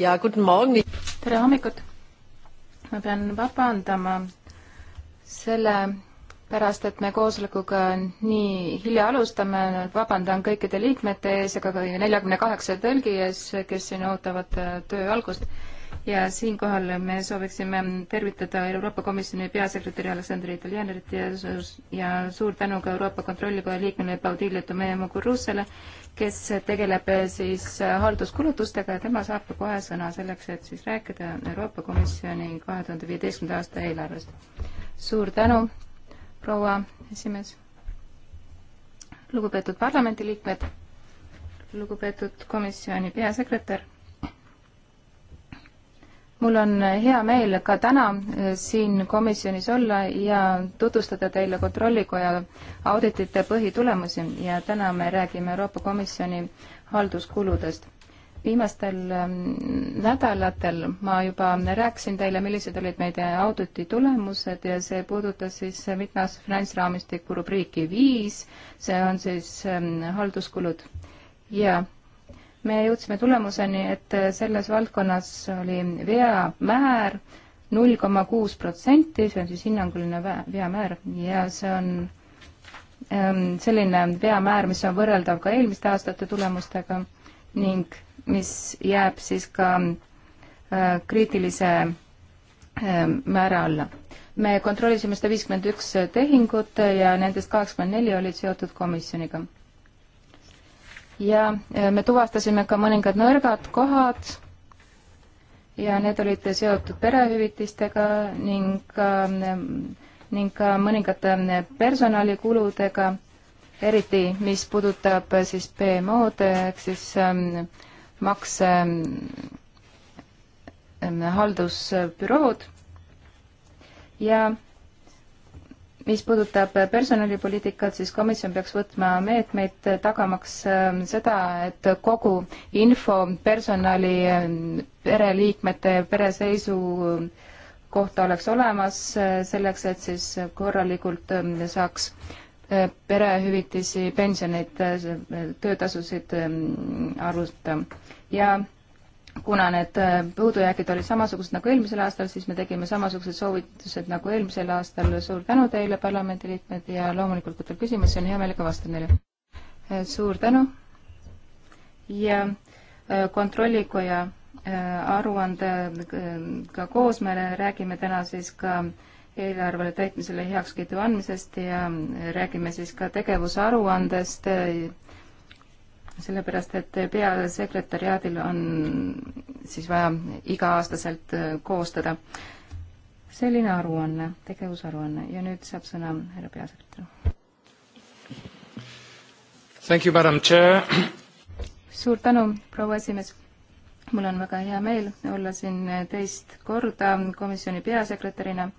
ja guten Morgen. tere hommikut. ma pean vabandama selle pärast, et me koosolekuga nii hilja alustame, vabandan kõikide liikmete ees, aga ka neljakümne kaheksa tõlgi ees, kes siin ootavad töö algust ja siinkohal me sooviksime tervitada Euroopa Komisjoni peasekretäri Aleksandr Italianerit ja, ja suur tänu ka Euroopa Kontrollikoja liikmele Paudilio Tomee-Mugurussele, kes tegeleb siis halduskulutustega ja tema saab ka kohe sõna selleks, et siis rääkida Euroopa Komisjoni kahe tuhande viieteistkümnenda aasta eelarvest. suur tänu, proua esimees. lugupeetud parlamendiliikmed, lugupeetud komisjoni peasekretär mul on hea meel ka täna äh, siin komisjonis olla ja tutvustada teile Kontrollikoja auditite põhitulemusi ja täna me räägime Euroopa Komisjoni halduskuludest. viimastel ähm, nädalatel ma juba rääkisin teile, millised olid meie auditi tulemused ja see puudutas siis mitmes finantsraamistiku rubriiki viis, see on siis ähm, halduskulud ja yeah me jõudsime tulemuseni, et selles valdkonnas oli veamäär null koma kuus protsenti, see on siis hinnanguline veamäär ja see on ähm, selline veamäär, mis on võrreldav ka eelmiste aastate tulemustega ning mis jääb siis ka äh, kriitilise äh, määra alla. me kontrollisime sada viiskümmend üks tehingut ja nendest kaheksakümmend neli olid seotud komisjoniga ja eh, me tuvastasime ka mõningad nõrgad kohad ja need olid seotud perehüvitistega ning, eh, ning ka mõningate eh, personalikuludega, eriti mis puudutab siis BMO-d ehk siis makse haldusbürood ja mis puudutab äh, personalipoliitikat, siis komisjon peaks võtma meetmeid äh, tagamaks ähm, seda, et kogu info personali ähm, pereliikmete pereseisu ähm, kohta oleks olemas, äh, selleks et siis korralikult saaks perehüvitisi, pensioneid, töötasusid arvutada. ja kuna need äh, puudujäägid olid samasugused nagu eelmisel aastal, siis me tegime samasugused soovitused nagu eelmisel aastal. suur tänu teile, parlamendiliikmed, ja loomulikult, kui teil küsimusi on, hea meelega vastan neile. Äh, suur tänu ja äh, kontrollikoja aruandega koos me räägime täna siis ka eelarvele täitmisele heakskiidu andmisest ja räägime siis ka tegevusaruandest sellepärast, et peasekretäriaadil on siis vaja iga-aastaselt äh, koostada selline aruanne, tegevusaruanne ja nüüd saab sõna härra peasekretär. Thank you, madam chair. suur tänu, proua esimees. mul on väga hea meel olla siin teist korda komisjoni peasekretärina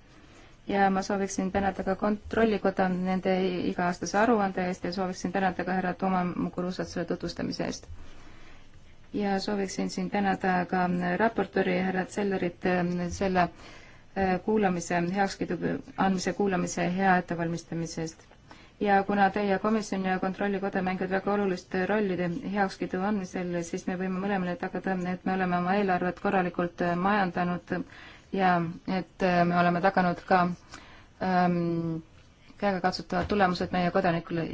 ja ma sooviksin tänada ka Kontrollikoda nende iga-aastase aruande eest ja sooviksin tänada ka härra Toomas Mukurusat selle tutvustamise eest. ja sooviksin siin tänada ka raportööri härra Zellerit äh, selle äh, kuulamise, heakskiidu andmise kuulamise hea ettevalmistamise eest. ja kuna teie komisjon ja Kontrollikoda mängivad väga olulist rolli heakskiidu andmisel, siis me võime mõlemale tagada, et me oleme oma eelarvet korralikult äh, majandanud ja et äh, me oleme taganud ka ähm, käegakatsutavad tulemused meie kodanikule.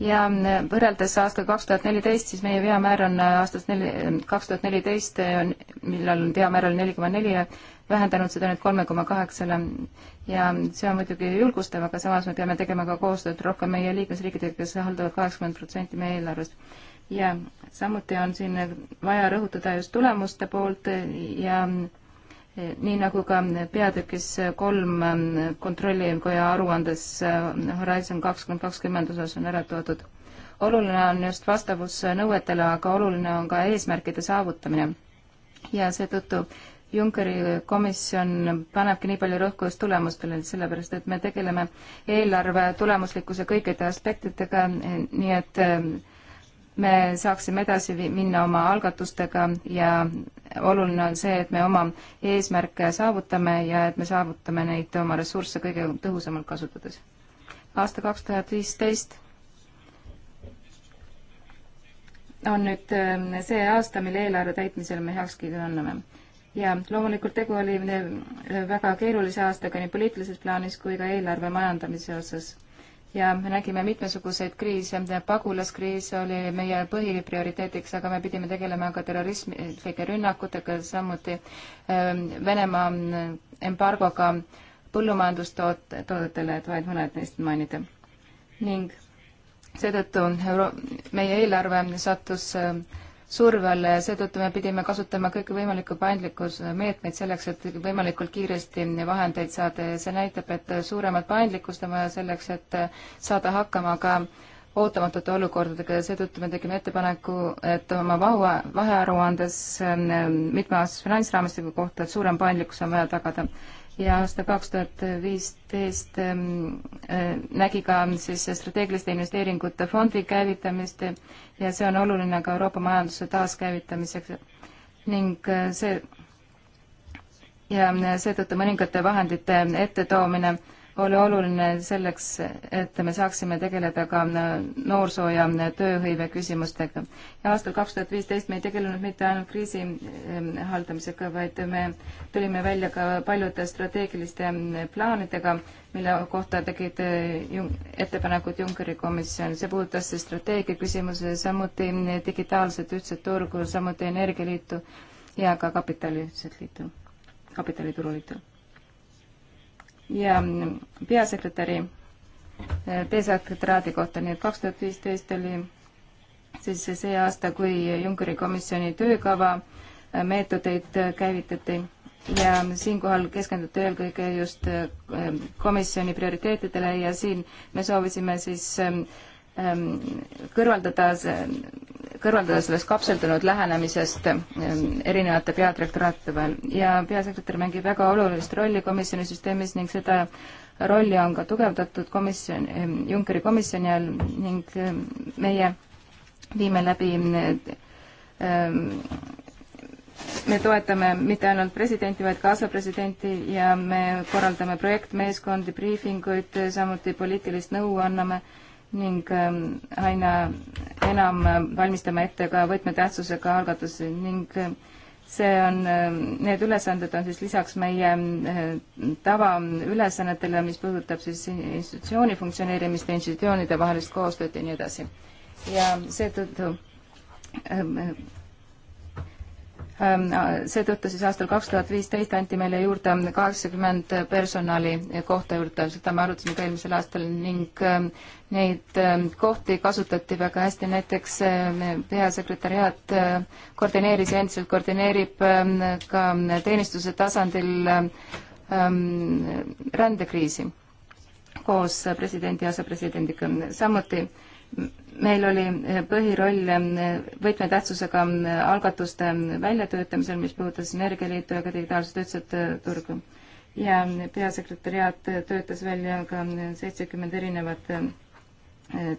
ja äh, võrreldes aastaga kaks tuhat neliteist, siis meie veamäär on äh, aastast neli, kaks tuhat neliteist, millal veamäär oli neli koma neli ja vähendanud seda nüüd kolme koma kaheksale ja see on muidugi julgustav, aga samas me peame tegema ka koostööd rohkem meie liikmesriikidega, kes haldavad kaheksakümmend protsenti meie eelarvest. ja samuti on siin vaja rõhutada just tulemuste poolt ja eh, nii nagu ka peatükis kolm eh, Kontrollikoja aruandes eh, Horizon kakskümmend kakskümmend osas on ära toodud. oluline on just vastavus nõuetele, aga oluline on ka eesmärkide saavutamine. ja seetõttu Junckeri komisjon panebki nii palju rõhku just tulemustele, sellepärast et me tegeleme eelarve tulemuslikkuse kõikide aspektidega, nii et me saaksime edasi minna oma algatustega ja oluline on see, et me oma eesmärke saavutame ja et me saavutame neid oma ressursse kõige tõhusamalt kasutades. aasta kaks tuhat viisteist on nüüd äh, see aasta, mille eelarve täitmisel me heakskiidu anname. ja loomulikult tegu oli äh, väga keerulise aastaga nii poliitilises plaanis kui ka eelarve majandamise osas ja me nägime mitmesuguseid kriise, pagulaskriis oli meie põhiprioriteediks, aga me pidime tegelema ka terrorismilike rünnakutega, samuti ähm, Venemaa äh, embargoga põllumajandustoodetele, et vaid mõned neist mainida. ning seetõttu meie eelarve sattus äh, surve all ja seetõttu me pidime kasutama kõikvõimalikku paindlikkuse meetmeid selleks, et võimalikult kiiresti vahendeid saada ja see näitab, et suuremat paindlikkust on vaja selleks, et saada hakkama ka ootamatute olukordadega ja seetõttu me tegime ettepaneku, et oma vahu, vahearuandes ähm, mitmeaastase finantsraamistiku kohta, et suurem paindlikkus on vaja tagada ja aasta kaks tuhat viisteist ähm, äh, nägi ka siis strateegiliste investeeringute fondi käivitamist ja see on oluline ka Euroopa majanduse taaskäivitamiseks ning äh, see ja äh, seetõttu mõningate vahendite ettetoomine äh, oli oluline selleks, et me saaksime tegeleda ka noorsoo- ja tööhõive küsimustega. ja aastal kaks tuhat viisteist me ei tegelenud mitte ainult kriisi ehm, haldamisega, vaid me tulime välja ka paljude strateegiliste plaanidega, mille kohta tegid eh, ettepanekud Junckeri komisjon. see puudutas strateegia küsimusi, samuti digitaalset ühtset turgu, samuti energialiitu ja ka kapitali ühtset liitu, kapitalituru liitu ja peasekretäri eh, peasekretäraadi kohta, nii et kaks tuhat viisteist oli siis see aasta, kui Junckeri komisjoni töökava eh, meetodeid eh, käivitati ja siinkohal keskenduti eelkõige just komisjoni prioriteetidele ja siin me soovisime siis Ähm, kõrvaldada, kõrvaldada sellest kapseldunud lähenemisest ähm, erinevate peadirektoraatide vahel ja peasekretär mängib väga olulist rolli komisjoni süsteemis ning seda rolli on ka tugevdatud komisjon, ähm, Junckeri komisjoni all ning meie viime läbi, me toetame mitte ainult presidenti, vaid ka asepresidenti ja me korraldame projektmeeskondi, briifinguid, samuti poliitilist nõu anname ning ähm, aina enam ähm, valmistame ette ka võtmetähtsusega algatusi ning ähm, see on, need ülesanded on siis lisaks meie äh, tavaülesannetele, mis puudutab siis institutsiooni funktsioneerimist ja institutsioonide vahelist koostööd ja nii edasi. ja seetõttu Ähm, seetõttu siis aastal kaks tuhat viisteist anti meile juurde kaheksakümmend personali kohta juurde, seda me arutasime ka eelmisel aastal ning ähm, neid ähm, kohti kasutati väga hästi, näiteks peasekretäriaat äh, koordineeris ja endiselt koordineerib ka teenistuse tasandil rändekriisi koos presidendi ja asepresidendiga, samuti meil oli eh, põhiroll eh, võtmetähtsusega eh, algatuste väljatöötamisel, mis puudutas Energialiitu ja ka digitaalset ühtset turgu. ja peasekretäriaat töötas välja ka seitsekümmend erinevat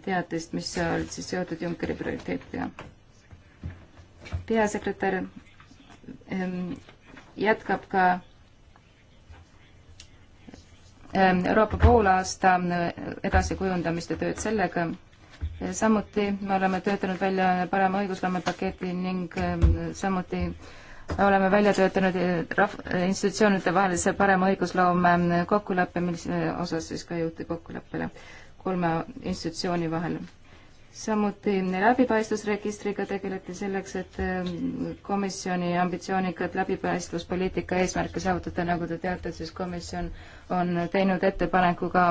teatist, mis olid siis seotud Junckeri prioriteetiga. peasekretär ehm, jätkab ka ehm, Euroopa poolaasta edasikujundamist ja tööd sellega samuti me oleme töötanud välja parema õigusloomepaketi ning ähm, samuti oleme välja töötanud äh, rahv-, institutsioonide vahelise parema õigusloome ähm, kokkuleppe, mis äh, osas siis ka jõuti kokkuleppele kolme institutsiooni vahel. samuti läbipaistvusregistriga tegeleti selleks, et ähm, komisjoni ambitsioonikat läbipaistvuspoliitika eesmärke saavutada, nagu te teate, siis komisjon on teinud ettepaneku ka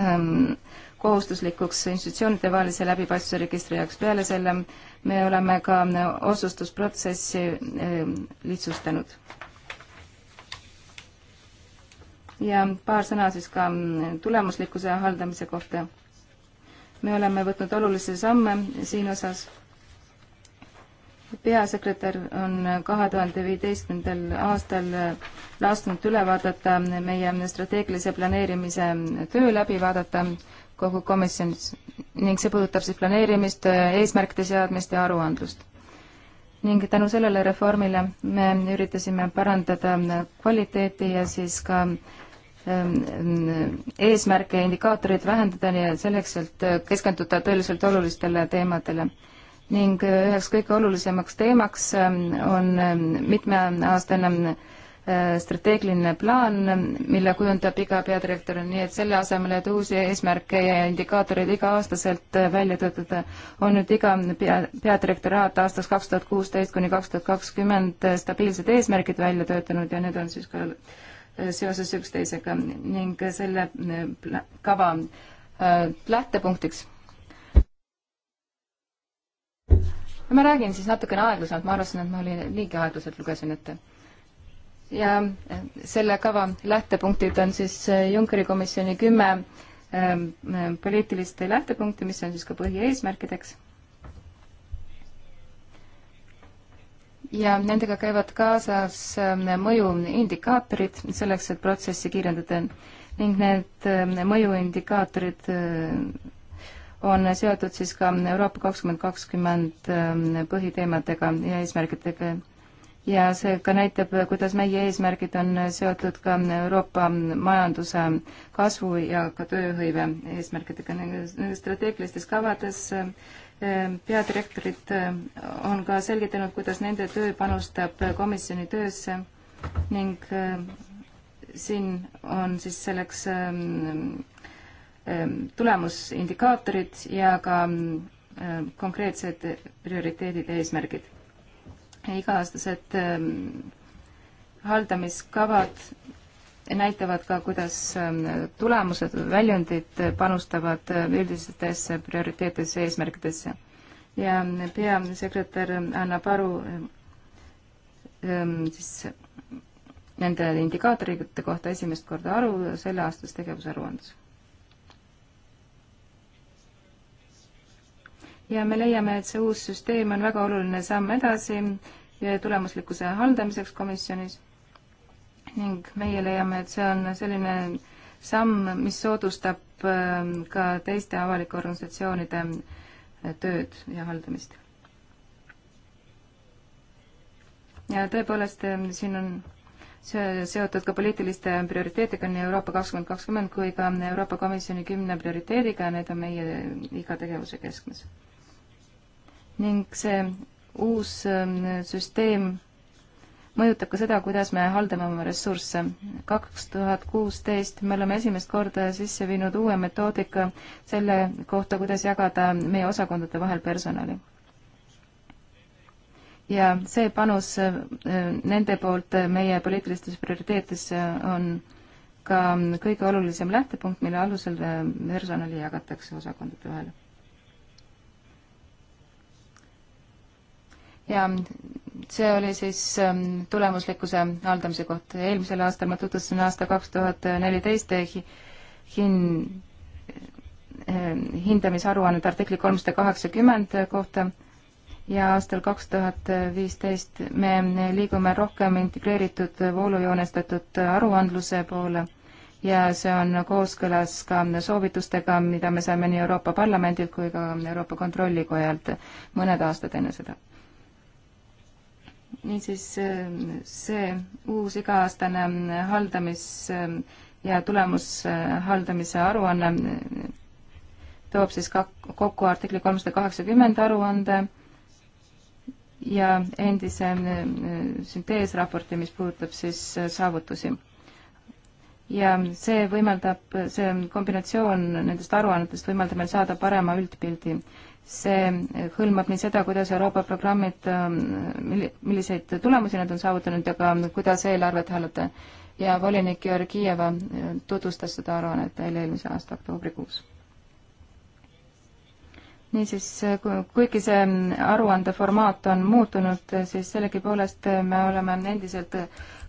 ähm, kohustuslikuks institutsioonide vahelise läbipaistvuse registri jaoks. peale selle me oleme ka otsustusprotsessi eh, lihtsustanud. ja paar sõna siis ka mm, tulemuslikkuse haldamise kohta. me oleme võtnud olulisi samme siin osas peasekretär on kahe tuhande viieteistkümnendal aastal lasknud üle vaadata meie strateegilise planeerimise töö läbi vaadata kogu komisjonis ning see puudutab siis planeerimist, eesmärkide seadmist ja aruandlust. ning tänu sellele reformile me üritasime parandada kvaliteeti ja siis ka ähm, ähm, eesmärke ja indikaatoreid vähendada ja selleks, et keskenduda tõeliselt olulistele teemadele. ning üheks kõige olulisemaks teemaks ähm, on mitmeaastane Äh, strateegiline plaan, mille kujundab iga peadirektor, nii et selle asemel, et uusi eesmärke ja indikaatoreid iga-aastaselt äh, välja töötada, on nüüd iga pea, peadirektoraat aastast kaks tuhat kuusteist kuni kaks tuhat kakskümmend äh, stabiilsed eesmärgid välja töötanud ja need on siis ka seoses üksteisega ning selle kava lähtepunktiks ma räägin siis natukene aeglasemalt, ma arvasin, et ma olin liiga aeglaselt lugesin ette et ja selle kava lähtepunktid on siis äh, Junckeri komisjoni kümme ähm, äh, poliitilist lähtepunkti, mis on siis ka põhieesmärkideks. ja nendega käivad kaasas ähm, mõjuindikaatorid selleks, et protsessi kiirendada ning need ähm, mõjuindikaatorid äh, on seotud siis ka Euroopa kakskümmend kakskümmend põhiteemadega ja eesmärkidega ja see ka näitab, kuidas meie eesmärgid on seotud ka Euroopa majanduse kasvu ja ka tööhõive eesmärkidega. strateegilistes kavades eh, peadirektorid eh, on ka selgitanud, kuidas nende töö panustab komisjoni töösse ning eh, siin on siis selleks tulemusindikaatorid ja ka konkreetsed prioriteedid ja eesmärgid iga-aastased ähm, haldamiskavad näitavad ka, kuidas ähm, tulemused, väljundid panustavad äh, üldistesse prioriteetidesse, eesmärkidesse. ja äh, peasekretär annab aru äh, ähm, siis nende indikaatorite kohta esimest korda aru selleaastases tegevusaruandes ja me leiame, et see uus süsteem on väga oluline samm edasi tulemuslikkuse haldamiseks komisjonis ning meie leiame, et see on selline samm, mis soodustab ähm, ka teiste avalike organisatsioonide äh, tööd ja haldamist. ja tõepoolest, ähm, siin on see seotud ka poliitiliste prioriteetidega, nii Euroopa kakskümmend kakskümmend kui ka Euroopa Komisjoni kümne prioriteediga, need on meie iga tegevuse keskmes ning see uus ähm, süsteem mõjutab ka seda, kuidas me haldame oma ressursse. kaks tuhat kuusteist me oleme esimest korda sisse viinud uue metoodika selle kohta, kuidas jagada meie osakondade vahel personali. ja see panus äh, nende poolt meie poliitilistes prioriteetides äh, on ka kõige olulisem lähtepunkt, mille alusel äh, personali jagatakse osakondade vahel ja see oli siis ähm, tulemuslikkuse haldamise koht. eelmisel aastal ma tutvustasin aasta kaks tuhat neliteist eh, hin-, eh, hindamisaruannet artikli kolmsada kaheksakümmend kohta ja aastal kaks tuhat viisteist me liigume rohkem integreeritud voolujoonestatud aruandluse poole ja see on kooskõlas ka soovitustega, mida me saime nii Euroopa Parlamendilt kui ka Euroopa Kontrollikojalt mõned aastad enne seda niisiis see uus iga-aastane haldamis- ja tulemushaldamise aruanne toob siis kak-, kokku artikli kolmsada kaheksakümmend aruande ja endise äh, sünteesraporti, mis puudutab siis äh, saavutusi. ja see võimaldab, see kombinatsioon nendest aruannetest võimaldab meil saada parema üldpildi see hõlmab nii seda, kuidas Euroopa programmid, ähm, milliseid tulemusi nad on saavutanud ja ka kuidas eelarvet hallata. ja volinik Georgieva äh, tutvustas seda aruannet eile eelmise aasta oktoobrikuus. niisiis, äh, kuigi see äh, aruande formaat on muutunud, siis sellegipoolest me oleme endiselt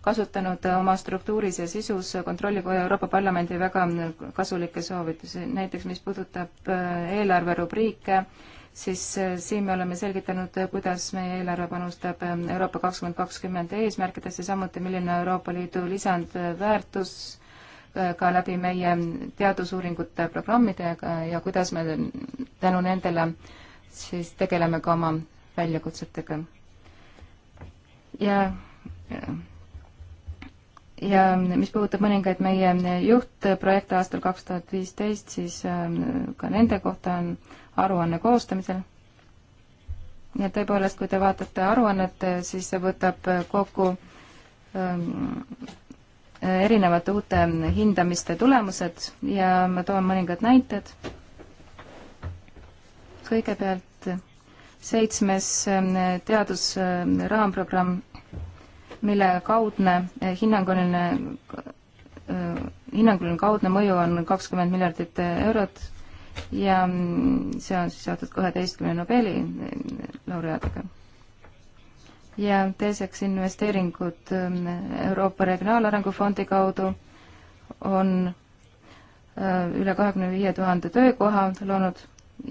kasutanud oma struktuuris ja sisus Kontrollikoja Euroopa Parlamendi väga kasulikke soovitusi, näiteks mis puudutab äh, eelarverubriike, siis äh, siin me oleme selgitanud, äh, kuidas meie eelarve panustab Euroopa kakskümmend kakskümmend eesmärkidesse, samuti milline on Euroopa Liidu lisandväärtus ka läbi meie teadusuuringute programmidega ja kuidas me tänu nendele siis tegeleme ka oma väljakutsetega. ja, ja ja mis puudutab mõningaid meie juhtprojekte aastal kaks tuhat viisteist, siis ähm, ka nende kohta on aruanne koostamisel. ja tõepoolest, kui te vaatate aruannet, siis see võtab kokku ähm, erinevate uute hindamiste tulemused ja ma toon mõningad näited. kõigepealt seitsmes ähm, teadusraamprogramm mille kaudne eh, hinnanguline, eh, hinnanguline kaudne mõju on kakskümmend miljardit eurot ja mm, see on siis seotud kaheteistkümne Nobeli eh, laureaadiga. ja teiseks investeeringud Euroopa Regionaalarengu Fondi kaudu on üle kahekümne viie tuhande töökoha loonud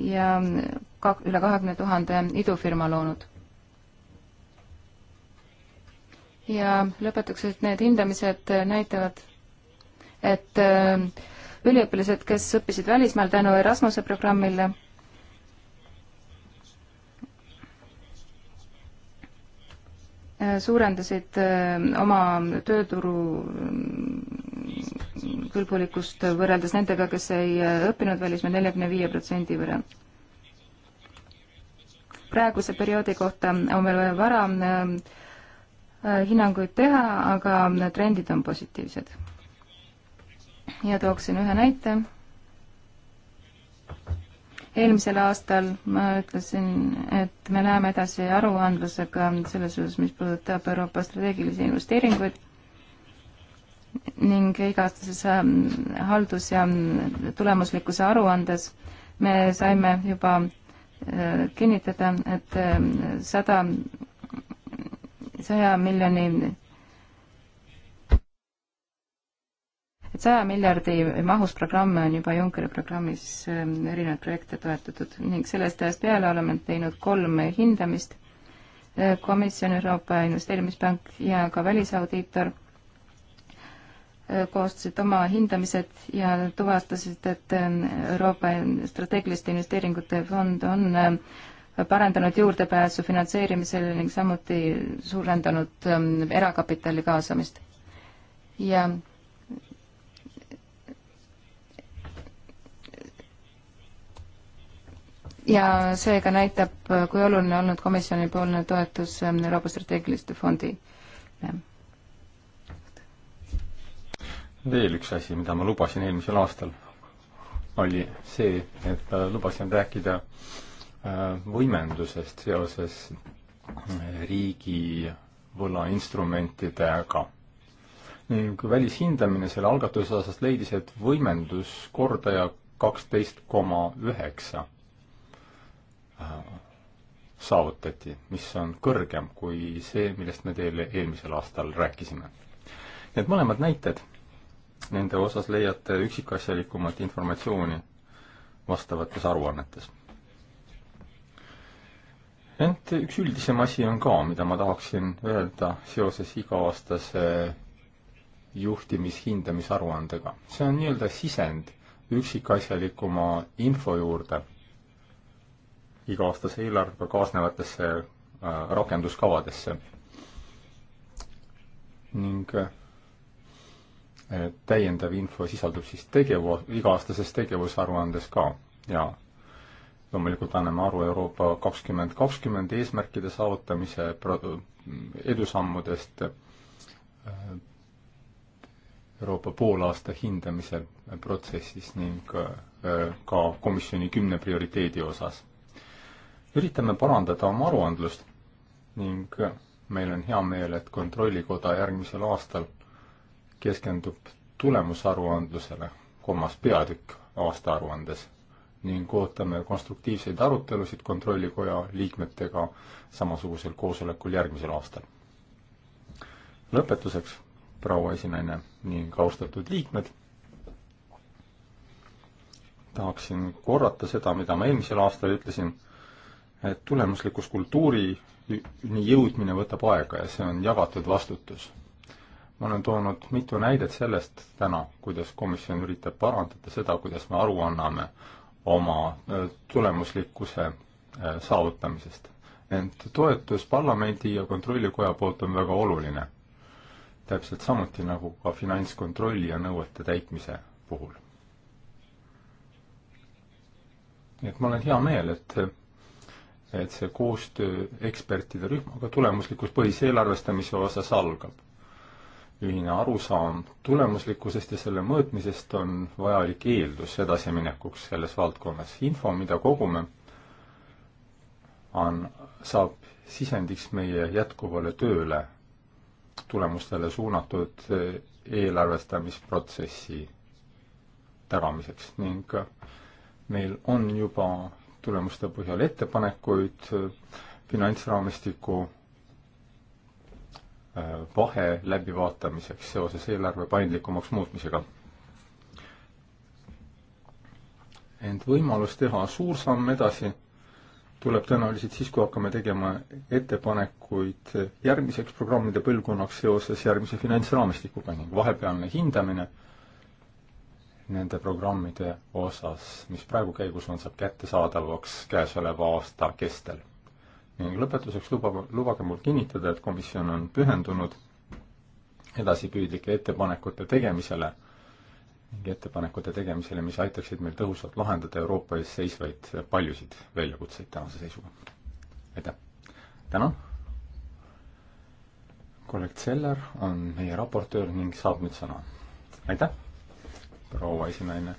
ja mm, ka üle kahekümne tuhande idufirma loonud ja lõpetuseks need hindamised näitavad, et äh, üliõpilased, kes õppisid välismaal tänu Erasmuse programmile, äh, suurendasid äh, oma tööturu mm, kõlbulikkust võrreldes nendega, kes ei õppinud välismaal neljakümne viie protsendi võrra. praeguse perioodi kohta on veel vara äh, Äh, hinnanguid teha, aga trendid on positiivsed. ja tooksin ühe näite. eelmisel aastal ma ütlesin, et me läheme edasi aruandlusega selles osas, mis puudutab Euroopa strateegilisi investeeringuid ning iga-aastases ähm, haldus- ja äh, tulemuslikkuse aruandes me saime juba äh, kinnitada, et sada saja miljoni, et saja miljardi mahus programme on juba Junckeri programmis ähm, erinevaid projekte toetatud ning sellest ajast peale oleme teinud kolm hindamist, äh, komisjon, Euroopa Investeerimispank ja ka välisaudiitor äh, koostasid oma hindamised ja tuvastasid, et ähm, Euroopa strateegiliste investeeringute fond on ähm, parandanud juurdepääsu finantseerimisele ning samuti suurendanud ähm, erakapitali kaasamist. ja ja seega näitab, kui oluline olnud komisjonipoolne toetus ähm, Euroopa strateegiliste fondi. veel üks asi, mida ma lubasin eelmisel aastal, oli see, et äh, lubasin rääkida äh, Äh, võimendusest seoses äh, riigi võlainstrumentidega ning välishindamine selle algatuse osas leidis, et võimenduskordaja kaksteist koma üheksa äh, saavutati, mis on kõrgem kui see, millest me teile eelmisel aastal rääkisime. Need mõlemad näited, nende osas leiate üksikasjalikumat informatsiooni vastavates aruannetes ent üks üldisem asi on ka, mida ma tahaksin öelda seoses iga-aastase juhtimishindamisaruandega. see on nii-öelda sisend üksikasjalikuma info juurde iga-aastase eelarvega kaasnevatesse äh, rakenduskavadesse. ning äh, täiendav info sisaldub siis tegevu-, iga-aastases tegevusaruandes ka ja loomulikult anname aru Euroopa kakskümmend kakskümmend eesmärkide saavutamise edusammudest äh, Euroopa poolaasta hindamise protsessis ning äh, ka komisjoni kümne prioriteedi osas. üritame parandada oma aruandlust ning meil on hea meel, et Kontrollikoda järgmisel aastal keskendub tulemusaruandlusele, kolmas peatükk aastaaruandes ning ootame konstruktiivseid arutelusid Kontrollikoja liikmetega samasugusel koosolekul järgmisel aastal. lõpetuseks, proua esinaine ning austatud liikmed, tahaksin korrata seda, mida ma eelmisel aastal ütlesin, et tulemuslikus kultuurini jõudmine võtab aega ja see on jagatud vastutus ma olen toonud mitu näidet sellest täna, kuidas komisjon üritab parandada seda, kuidas me aru anname oma tulemuslikkuse saavutamisest. ent toetus parlamendi ja kontrollikoja poolt on väga oluline. täpselt samuti nagu ka finantskontrolli ja nõuete täitmise puhul. nii et ma olen hea meel, et et see koostöö ekspertide rühmaga tulemuslikus põhiseelarvestamise osas algab ühine arusaam tulemuslikkusest ja selle mõõtmisest on vajalik eeldus edasiminekuks selles valdkonnas. info, mida kogume, on, saab sisendiks meie jätkuvale tööle tulemustele suunatud eelarvestamisprotsessi tagamiseks ning meil on juba tulemuste põhjal ettepanekuid finantsraamistiku vahe läbivaatamiseks seoses eelarve paindlikumaks muutmisega. ent võimalus teha suur samm edasi tuleb tõenäoliselt siis, kui hakkame tegema ettepanekuid järgmiseks programmide põlvkonnaks seoses järgmise finantsraamistikuga ning vahepealne hindamine nende programmide osas, mis praegu käigus on, saab kättesaadavaks käesoleva aasta kestel ning lõpetuseks luba, lubage mul kinnitada, et komisjon on pühendunud edasipüüdlike ettepanekute tegemisele, ettepanekute tegemisele, mis aitaksid meil tõhusalt lahendada Euroopa ees seisvaid paljusid väljakutseid tänase seisuga. aitäh! tänan! kolleeg Zeller on meie raportöör ning saab nüüd sõna. aitäh, proua esinaine!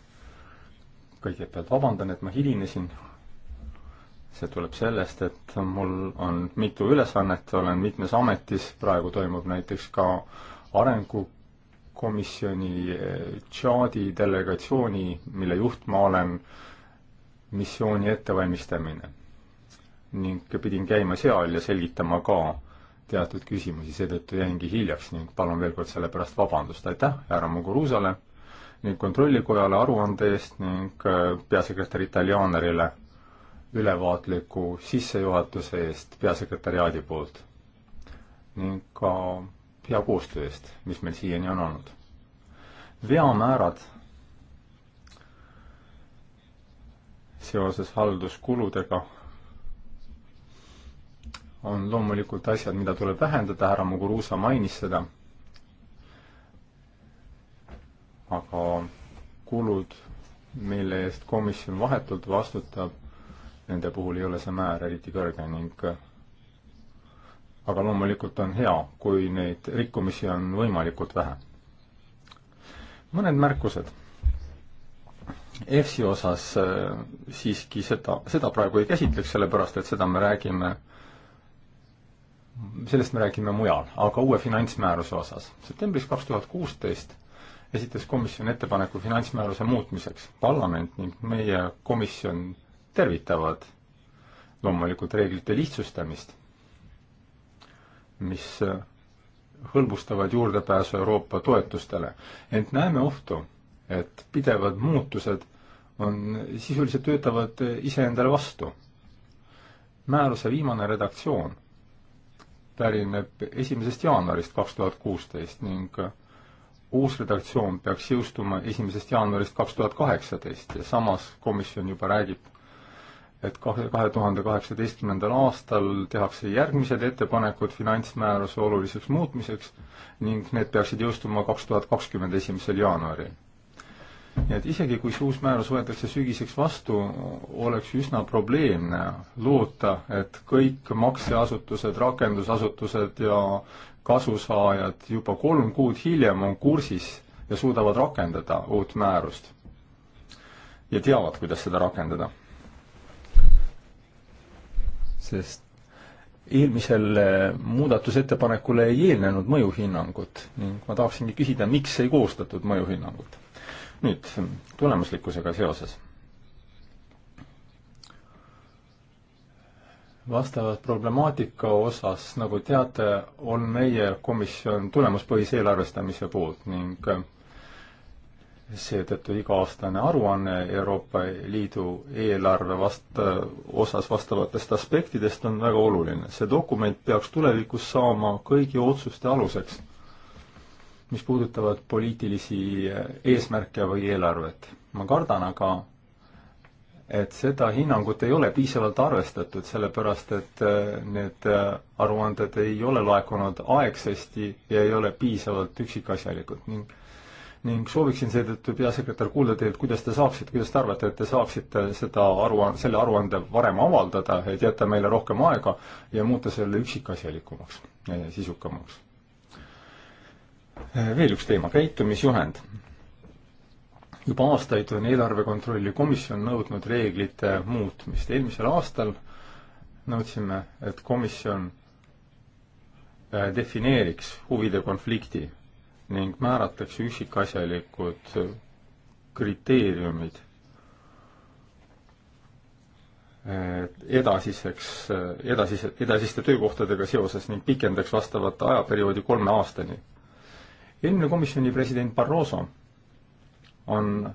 kõigepealt vabandan, et ma hilinesin, see tuleb sellest, et mul on mitu ülesannet, olen mitmes ametis, praegu toimub näiteks ka arengukomisjoni eh, Tšaadi delegatsiooni, mille juht ma olen, missiooni ettevalmistamine. ning pidin käima seal ja selgitama ka teatud küsimusi, seetõttu jäingi hiljaks ning palun veel kord selle pärast vabandust, aitäh härra Muguruusale ning Kontrollikojale aruande eest ning eh, peasekretär Italianerile ülevaatliku sissejuhatuse eest peasekretäriaadi poolt ning ka hea koostöö eest, mis meil siiani on olnud. veamäärad seoses halduskuludega on loomulikult asjad, mida tuleb vähendada, härra Muguruusa mainis seda, aga kulud, mille eest komisjon vahetult vastutab, nende puhul ei ole see määr eriti kõrge ning aga loomulikult on hea, kui neid rikkumisi on võimalikult vähe. mõned märkused. EFSi osas äh, siiski seda, seda praegu ei käsitleks, sellepärast et seda me räägime, sellest me räägime mujal, aga uue finantsmääruse osas. septembris kaks tuhat kuusteist esitas komisjon ettepaneku finantsmääruse muutmiseks. parlament ning meie komisjon tervitavad loomulikult reeglite lihtsustamist, mis äh, hõlbustavad juurdepääsu Euroopa toetustele, ent näeme ohtu, et pidevad muutused on, sisuliselt töötavad iseendale vastu. määruse viimane redaktsioon pärineb esimesest jaanuarist kaks tuhat kuusteist ning äh, uus redaktsioon peaks jõustuma esimesest jaanuarist kaks tuhat kaheksateist ja samas komisjon juba räägib et kahe, kahe tuhande kaheksateistkümnendal aastal tehakse järgmised ettepanekud finantsmääruse oluliseks muutmiseks ning need peaksid jõustuma kaks tuhat kakskümmend esimesel jaanuaril. nii et isegi, kui see uus määrus võetakse sügiseks vastu, oleks üsna probleemne loota, et kõik makseasutused, rakendusasutused ja kasusaajad juba kolm kuud hiljem on kursis ja suudavad rakendada uut määrust. ja teavad, kuidas seda rakendada sest eelmisele muudatusettepanekule ei eelnenud mõjuhinnangut ning ma tahaksingi küsida, miks ei koostatud mõjuhinnangut. nüüd tulemuslikkusega seoses. vastavalt problemaatika osas, nagu teate, on meie komisjon tulemuspõhise eelarvestamise poolt ning seetõttu iga-aastane aruanne Euroopa Liidu eelarve vast-, osas vastavatest aspektidest on väga oluline. see dokument peaks tulevikus saama kõigi otsuste aluseks, mis puudutavad poliitilisi eesmärke või eelarvet. ma kardan aga, et seda hinnangut ei ole piisavalt arvestatud, sellepärast et äh, need aruanded ei ole laekunud aegsasti ja ei ole piisavalt üksikasjalikud ning ning sooviksin seetõttu, peasekretär, kuulda teilt, kuidas te saaksite, kuidas te arvate, et te saaksite seda aruan-, selle aruande varem avaldada, et jätta meile rohkem aega ja muuta selle üksikasjalikumaks, sisukamaks? veel üks teema, käitumisjuhend. juba aastaid on eelarve kontrolli komisjon nõudnud reeglite muutmist. eelmisel aastal nõudsime, et komisjon äh, defineeriks huvide konflikti ning määratakse üksikasjalikud kriteeriumid edasiseks, edasise, edasiste töökohtadega seoses ning pikendaks vastavat ajaperioodi kolme aastani. eelmine komisjoni president Barroso on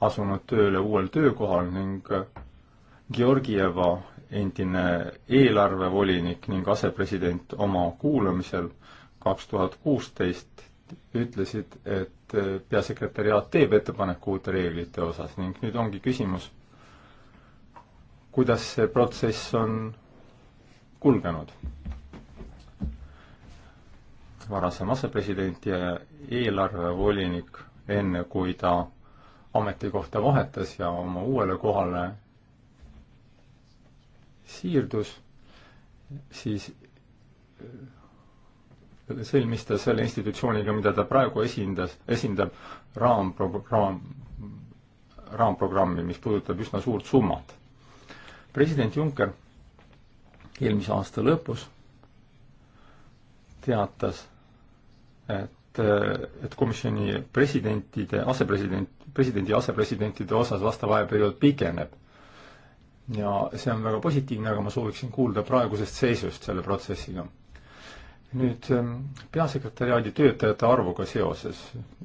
asunud tööle uuel töökohal ning Georgieva endine eelarvevolinik ning asepresident oma kuulamisel kaks tuhat kuusteist ütlesid, et äh, peasekretäriaat teeb ettepaneku uute reeglite osas ning nüüd ongi küsimus, kuidas see protsess on kulgenud. varasem asepresident ja eelarvevolinik, enne kui ta ametikohta vahetas ja oma uuele kohale siirdus, siis sõlmis ta selle institutsiooniga, mida ta praegu esindas, esindab raampro-, raam, raamprogrammi, mis puudutab üsna suurt summat. president Juncker eelmise aasta lõpus teatas, et, et komisjoni presidentide, asepresident, presidendi ja asepresidentide osas vastav ajaperiood pikeneb. ja see on väga positiivne, aga ma sooviksin kuulda praegusest seisust selle protsessiga nüüd ähm, peasekretäriaadi töötajate arvuga seoses,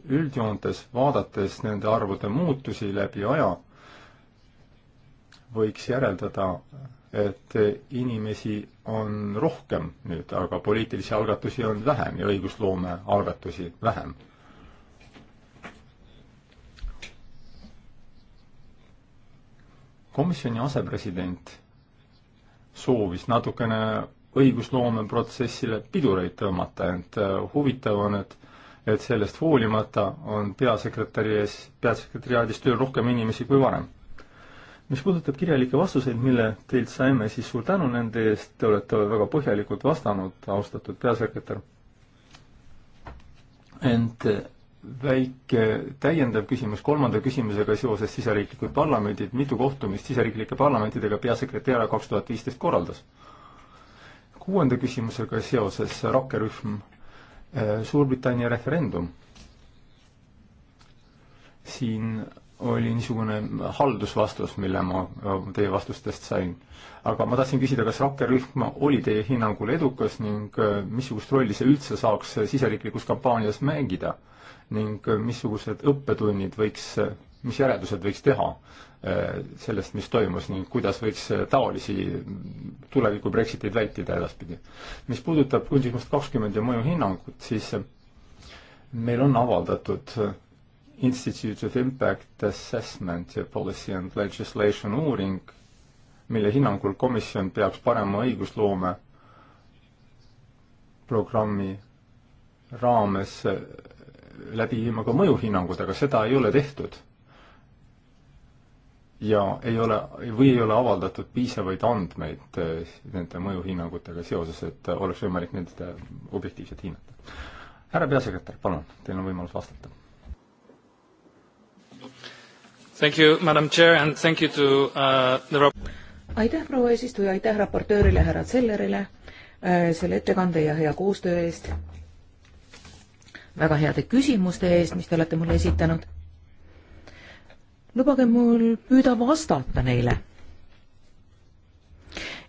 üldjoontes vaadates nende arvude muutusi läbi aja, võiks järeldada, et inimesi on rohkem nüüd, aga poliitilisi algatusi on vähem ja õigusloome algatusi vähem. komisjoni asepresident soovis natukene õigusloomeprotsessile pidureid tõmmata, ent äh, huvitav on, et et sellest hoolimata on peasekretäri ees, peasekretäriaadis tööl rohkem inimesi kui varem. mis puudutab kirjalikke vastuseid, mille teilt saime, siis suur tänu nende eest, te olete väga põhjalikult vastanud, austatud peasekretär. ent äh, väike täiendav küsimus kolmanda küsimusega seoses siseriiklikud parlamendid, mitu kohtumist siseriiklike parlamentidega peasekretär kaks tuhat viisteist korraldas? kuuenda küsimusega seoses rakkerühm äh, Suurbritannia referendum. siin oli niisugune haldusvastus, mille ma teie vastustest sain. aga ma tahtsin küsida, kas rakkerühm oli teie hinnangul edukas ning äh, missugust rolli see üldse saaks siseriiklikus kampaanias mängida ning äh, missugused õppetunnid võiks, mis järeldused võiks teha Äh, sellest, mis toimus ning kuidas võiks äh, taolisi mm, tuleviku Brexiteid vältida edaspidi. mis puudutab kunstnikust kakskümmend ja mõjuhinnangut, siis äh, meil on avaldatud Institute of Impact Assessment ja Policy and Legislation uuring, mille hinnangul komisjon peaks parema õigusloome programmi raames läbi viima ka mõjuhinnangud, aga seda ei ole tehtud ja ei ole, või ei ole avaldatud piisavaid andmeid eh, nende mõjuhinnangutega seoses, et eh, oleks võimalik nende eh, objektiivselt hinnata. härra peasekretär, palun, teil on võimalus vastata. Thank you, madam chair and thank you to uh, the aitäh, proua eesistuja, aitäh raportöörile, härra Zellerile äh, selle ettekande ja hea koostöö eest, väga heade küsimuste eest, mis te olete mulle esitanud lubage mul püüda vastata neile.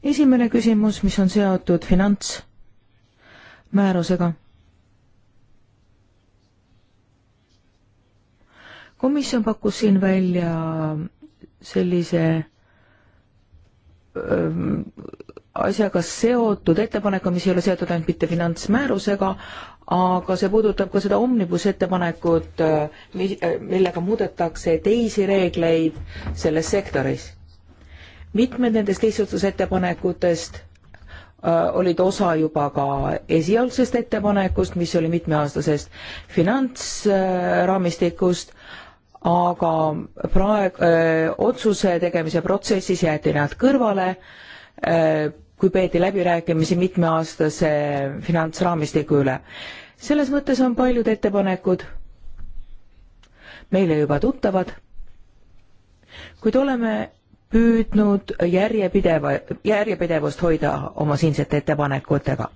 esimene küsimus, mis on seotud finantsmäärusega. komisjon pakkus siin välja sellise öö, ähm, asjaga seotud ettepaneku, mis ei ole seotud ainult mitte finantsmäärusega, aga see puudutab ka seda omnibus ettepanekut, äh, äh, millega muudetakse teisi reegleid selles sektoris. mitmed nendest lihtsustusettepanekutest äh, olid osa juba ka esialgsest ettepanekust, mis oli mitmeaastasest finantsraamistikust, aga praegu öö, otsuse tegemise protsessis jäeti nad kõrvale öö, kui peeti läbirääkimisi mitmeaastase finantsraamistiku üle. selles mõttes on paljud ettepanekud meile juba tuttavad, kuid oleme püüdnud järjepideva, järjepidevust hoida oma siinsete ettepanekutega.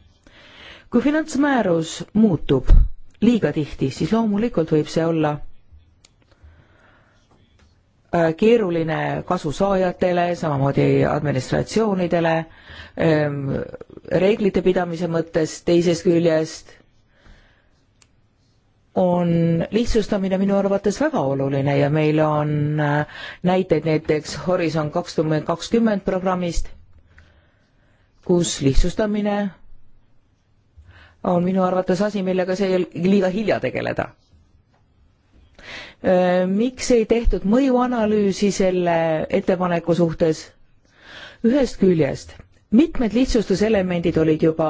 kui finantsmäärus muutub liiga tihti, siis loomulikult võib see olla Äh, keeruline kasusaajatele, samamoodi administratsioonidele, ähm, reeglite pidamise mõttes teisest küljest on lihtsustamine minu arvates väga oluline ja meil on äh, näiteid näiteks Horisont kaks tuhat kakskümmend programmist, kus lihtsustamine on minu arvates asi, millega sai liiga hilja tegeleda. Äh, miks ei tehtud mõjuanalüüsi selle ettepaneku suhtes? ühest küljest mitmed lihtsustuselemendid olid juba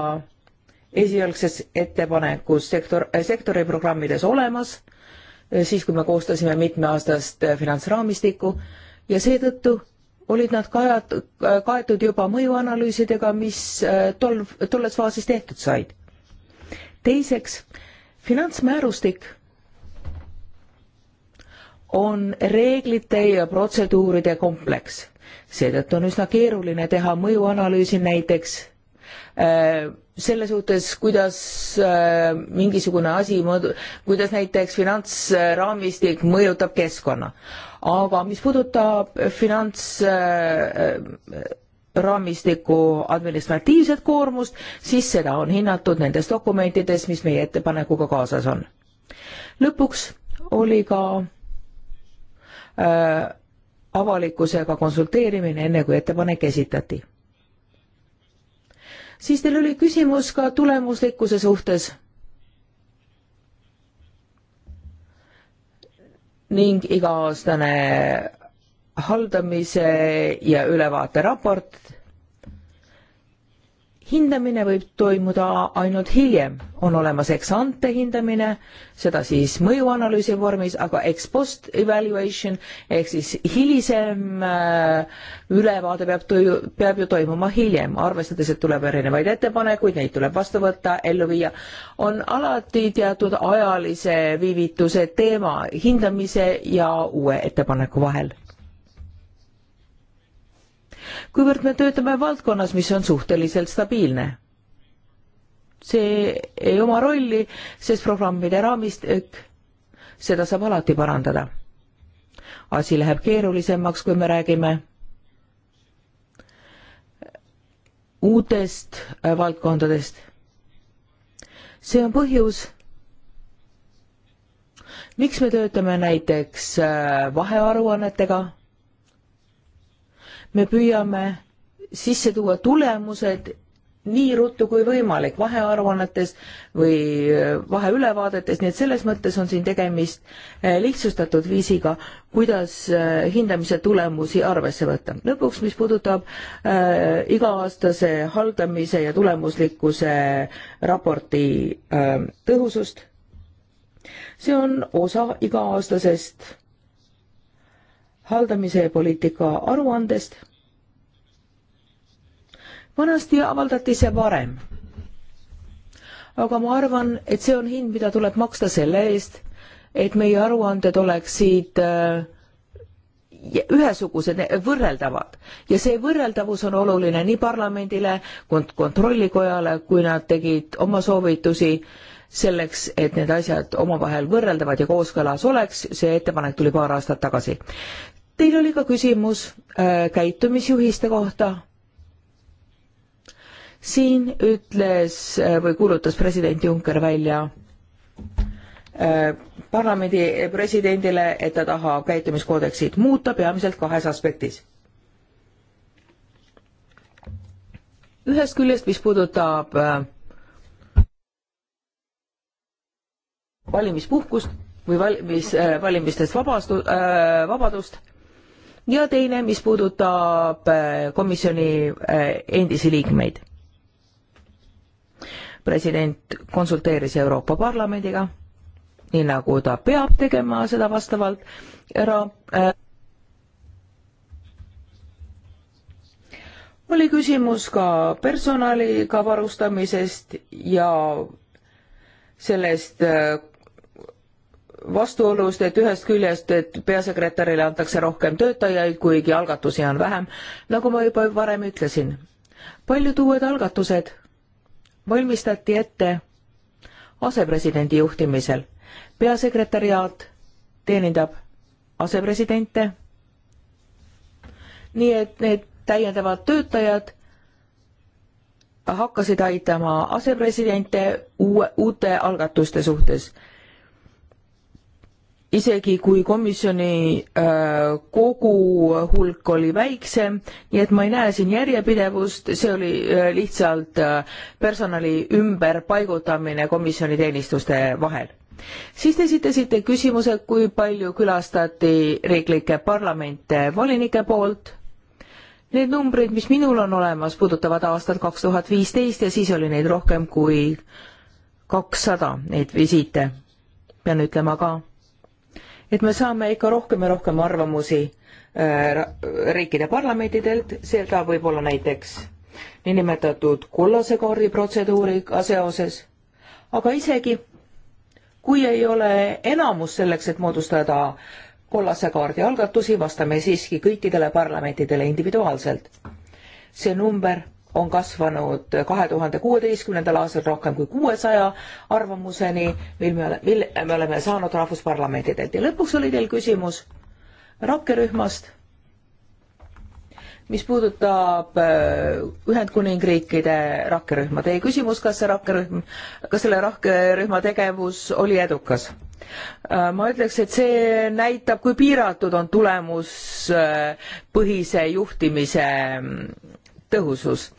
esialgses ettepanekus sektor, äh, sektori programmides olemas, äh, siis kui me koostasime mitmeaastast finantsraamistikku ja seetõttu olid nad kajat-, kaetud juba mõjuanalüüsidega, mis tol, tolles faasis tehtud said. teiseks, finantsmäärustik on reeglite ja protseduuride kompleks. seetõttu on üsna keeruline teha mõjuanalüüsi näiteks äh, selle suhtes, kuidas äh, mingisugune asi, kuidas näiteks finantsraamistik mõjutab keskkonna. aga mis puudutab finantsraamistiku äh, administratiivset koormust, siis seda on hinnatud nendes dokumentides, mis meie ettepanekuga kaasas on. lõpuks oli ka Äh, avalikkusega konsulteerimine, enne kui ettepanek esitati. siis teil oli küsimus ka tulemuslikkuse suhtes. ning iga-aastane haldamise ja ülevaate raport hindamine võib toimuda ainult hiljem, on olemas ex-ante hindamine, seda siis mõjuanalüüsi vormis, aga ex-post evaluation ehk siis hilisem äh, ülevaade peab, peab ju toimuma hiljem, arvestades, et tuleb erinevaid ettepanekuid, neid tuleb vastu võtta, ellu viia, on alati teatud ajalise viivituse teema hindamise ja uue ettepaneku vahel kuivõrd me töötame valdkonnas, mis on suhteliselt stabiilne. see ei oma rolli, sest programmide raamistik, seda saab alati parandada. asi läheb keerulisemaks, kui me räägime uutest äh, valdkondadest. see on põhjus, miks me töötame näiteks äh, vahearuannetega me püüame sisse tuua tulemused nii ruttu kui võimalik vahearuannetes või äh, vaheülevaadetes, nii et selles mõttes on siin tegemist äh, lihtsustatud viisiga, kuidas äh, hindamise tulemusi arvesse võtta. lõpuks, mis puudutab äh, iga-aastase haldamise ja tulemuslikkuse raporti äh, tõhusust, see on osa iga-aastasest haldamise poliitika aruandest. vanasti avaldati see varem. aga ma arvan, et see on hind, mida tuleb maksta selle eest, et meie aruanded oleksid äh, ühesugused, võrreldavad ja see võrreldavus on oluline nii parlamendile kont-, kontrollikojale, kui nad tegid oma soovitusi selleks, et need asjad omavahel võrreldavad ja kooskõlas oleks, see ettepanek tuli paar aastat tagasi. Teil oli ka küsimus äh, käitumisjuhiste kohta. siin ütles äh, või kuulutas president Juncker välja äh, parlamendi presidendile, et ta tahab käitumiskoodeksit muuta peamiselt kahes aspektis. ühest küljest, mis puudutab äh, valimispuhkust või val-, mis äh, valimistest vabastu- äh,, vabadust ja teine, mis puudutab äh, komisjoni äh, endisi liikmeid. president konsulteeris Euroopa Parlamendiga, nii nagu ta peab tegema seda vastavalt ära äh, oli küsimus ka personaliga varustamisest ja sellest äh, vastuolust, et ühest küljest, et peasekretärile antakse rohkem töötajaid, kuigi algatusi on vähem, nagu ma juba varem ütlesin. paljud uued algatused valmistati ette asepresidendi juhtimisel. peasekretäriaat teenindab asepresidente, nii et need täiendavad töötajad hakkasid aitama asepresidente uue, uute algatuste suhtes isegi kui komisjoni äh, kogu hulk oli väiksem, nii et ma ei näe siin järjepidevust, see oli äh, lihtsalt äh, personali ümberpaigutamine komisjoni teenistuste vahel. siis te esitasite küsimuse, kui palju külastati riiklikke parlamente volinike poolt. Need numbrid, mis minul on olemas, puudutavad aastat kaks tuhat viisteist ja siis oli neid rohkem kui kakssada, neid visiite, pean ütlema ka et me saame ikka rohkem ja rohkem arvamusi äh, riikide parlamentidelt, seda võib-olla näiteks niinimetatud kollase kaardi protseduuriga seoses, aga isegi kui ei ole enamus selleks, et moodustada kollase kaardi algatusi, vastame siiski kõikidele parlamentidele individuaalselt. see number on kasvanud kahe tuhande kuueteistkümnendal aastal rohkem kui kuuesaja arvamuseni, mil me, mille me oleme saanud rahvusparlamentidelt ja lõpuks oli teil küsimus rakkerühmast, mis puudutab äh, Ühendkuningriikide rakkerühma. Teie küsimus, kas see rakkerühm, kas selle rakkerühma tegevus oli edukas? Äh, ma ütleks, et see näitab, kui piiratud on tulemuspõhise äh, juhtimise tõhusus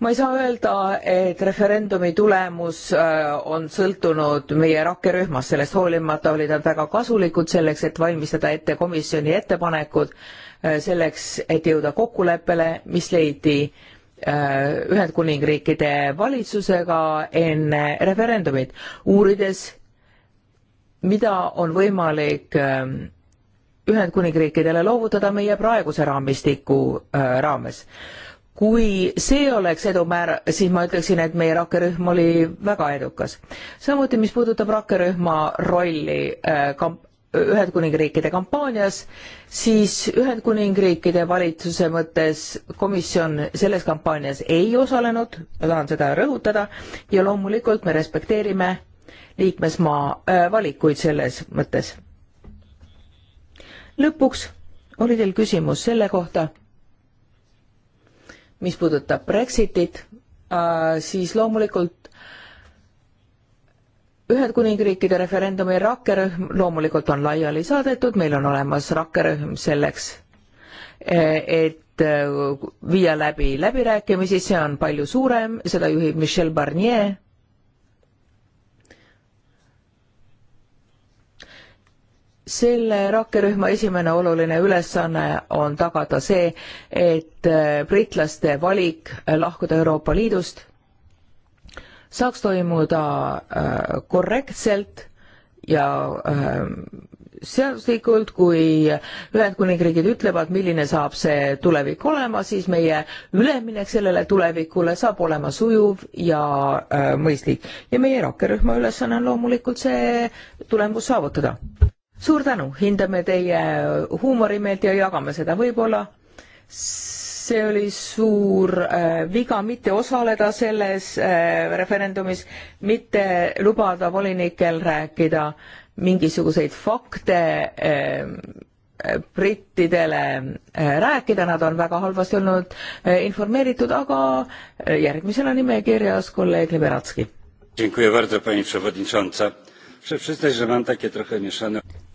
ma ei saa öelda, et referendumi tulemus äh, on sõltunud meie rakkerühmast, sellest hoolimata olid nad väga kasulikud selleks, et valmistada ette komisjoni ettepanekud, äh, selleks, et jõuda kokkuleppele, mis leiti äh, Ühendkuningriikide valitsusega enne referendumit, uurides, mida on võimalik ähm, Ühendkuningriikidele loovutada meie praeguse raamistiku äh, raames. kui see oleks edumäär, siis ma ütleksin, et meie rakkerühm oli väga edukas. samuti, mis puudutab rakkerühma rolli äh, kamp-, Ühendkuningriikide kampaanias, siis Ühendkuningriikide valitsuse mõttes komisjon selles kampaanias ei osalenud, ma tahan seda rõhutada, ja loomulikult me respekteerime liikmesmaa äh, valikuid selles mõttes lõpuks oli teil küsimus selle kohta, mis puudutab Brexitit, äh, siis loomulikult Ühendkuningriikide referendumi rakkerühm loomulikult on laiali saadetud, meil on olemas rakkerühm selleks, e, et äh, viia läbi läbirääkimisi, see on palju suurem, seda juhib Michel Barnier selle rakkerühma esimene oluline ülesanne on tagada see, et äh, britlaste valik äh, lahkuda Euroopa Liidust saaks toimuda äh, korrektselt ja seaduslikult, kui Ühendkuningriigid ütlevad, milline saab see tulevik olema, siis meie üleminek sellele tulevikule saab olema sujuv ja mõistlik. ja meie rakkerühma ülesanne on loomulikult see tulemus saavutada suur tänu, hindame teie huumorimeelt ja jagame seda, võib-olla see oli suur äh, viga mitte osaleda selles äh, referendumis, mitte lubada volinikel rääkida mingisuguseid fakte äh, brittidele äh, rääkida, nad on väga halvasti olnud äh, informeeritud, aga äh, järgmisena nimekirjas kolleeg Liberatski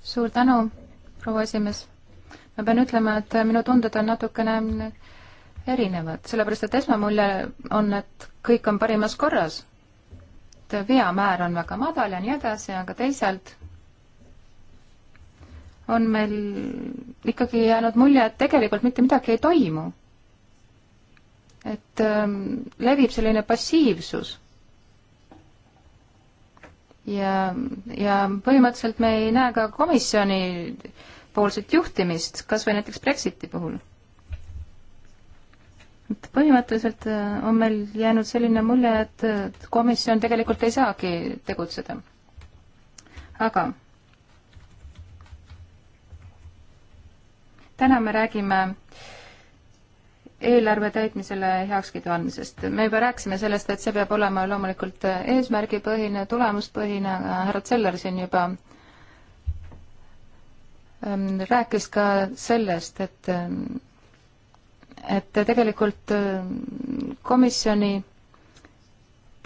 suur tänu, proua esimees. ma pean ütlema, et minu tunded on natukene erinevad, sellepärast et esmamulje on, et kõik on parimas korras. et veamäär on väga madal ja nii edasi, aga teisalt on meil ikkagi jäänud mulje, et tegelikult mitte midagi ei toimu. et ähm, levib selline passiivsus ja, ja põhimõtteliselt me ei näe ka komisjoni poolset juhtimist, kas või näiteks Brexiti puhul. et põhimõtteliselt äh, on meil jäänud selline mulje, et, et komisjon tegelikult ei saagi tegutseda. aga täna me räägime äh, eelarve täitmisele heakskiidu andmisest. me juba rääkisime sellest, et see peab olema loomulikult eesmärgipõhine, tulemuspõhine, aga härra Zeller siin juba ähm, rääkis ka sellest, et ähm, et tegelikult ähm, komisjoni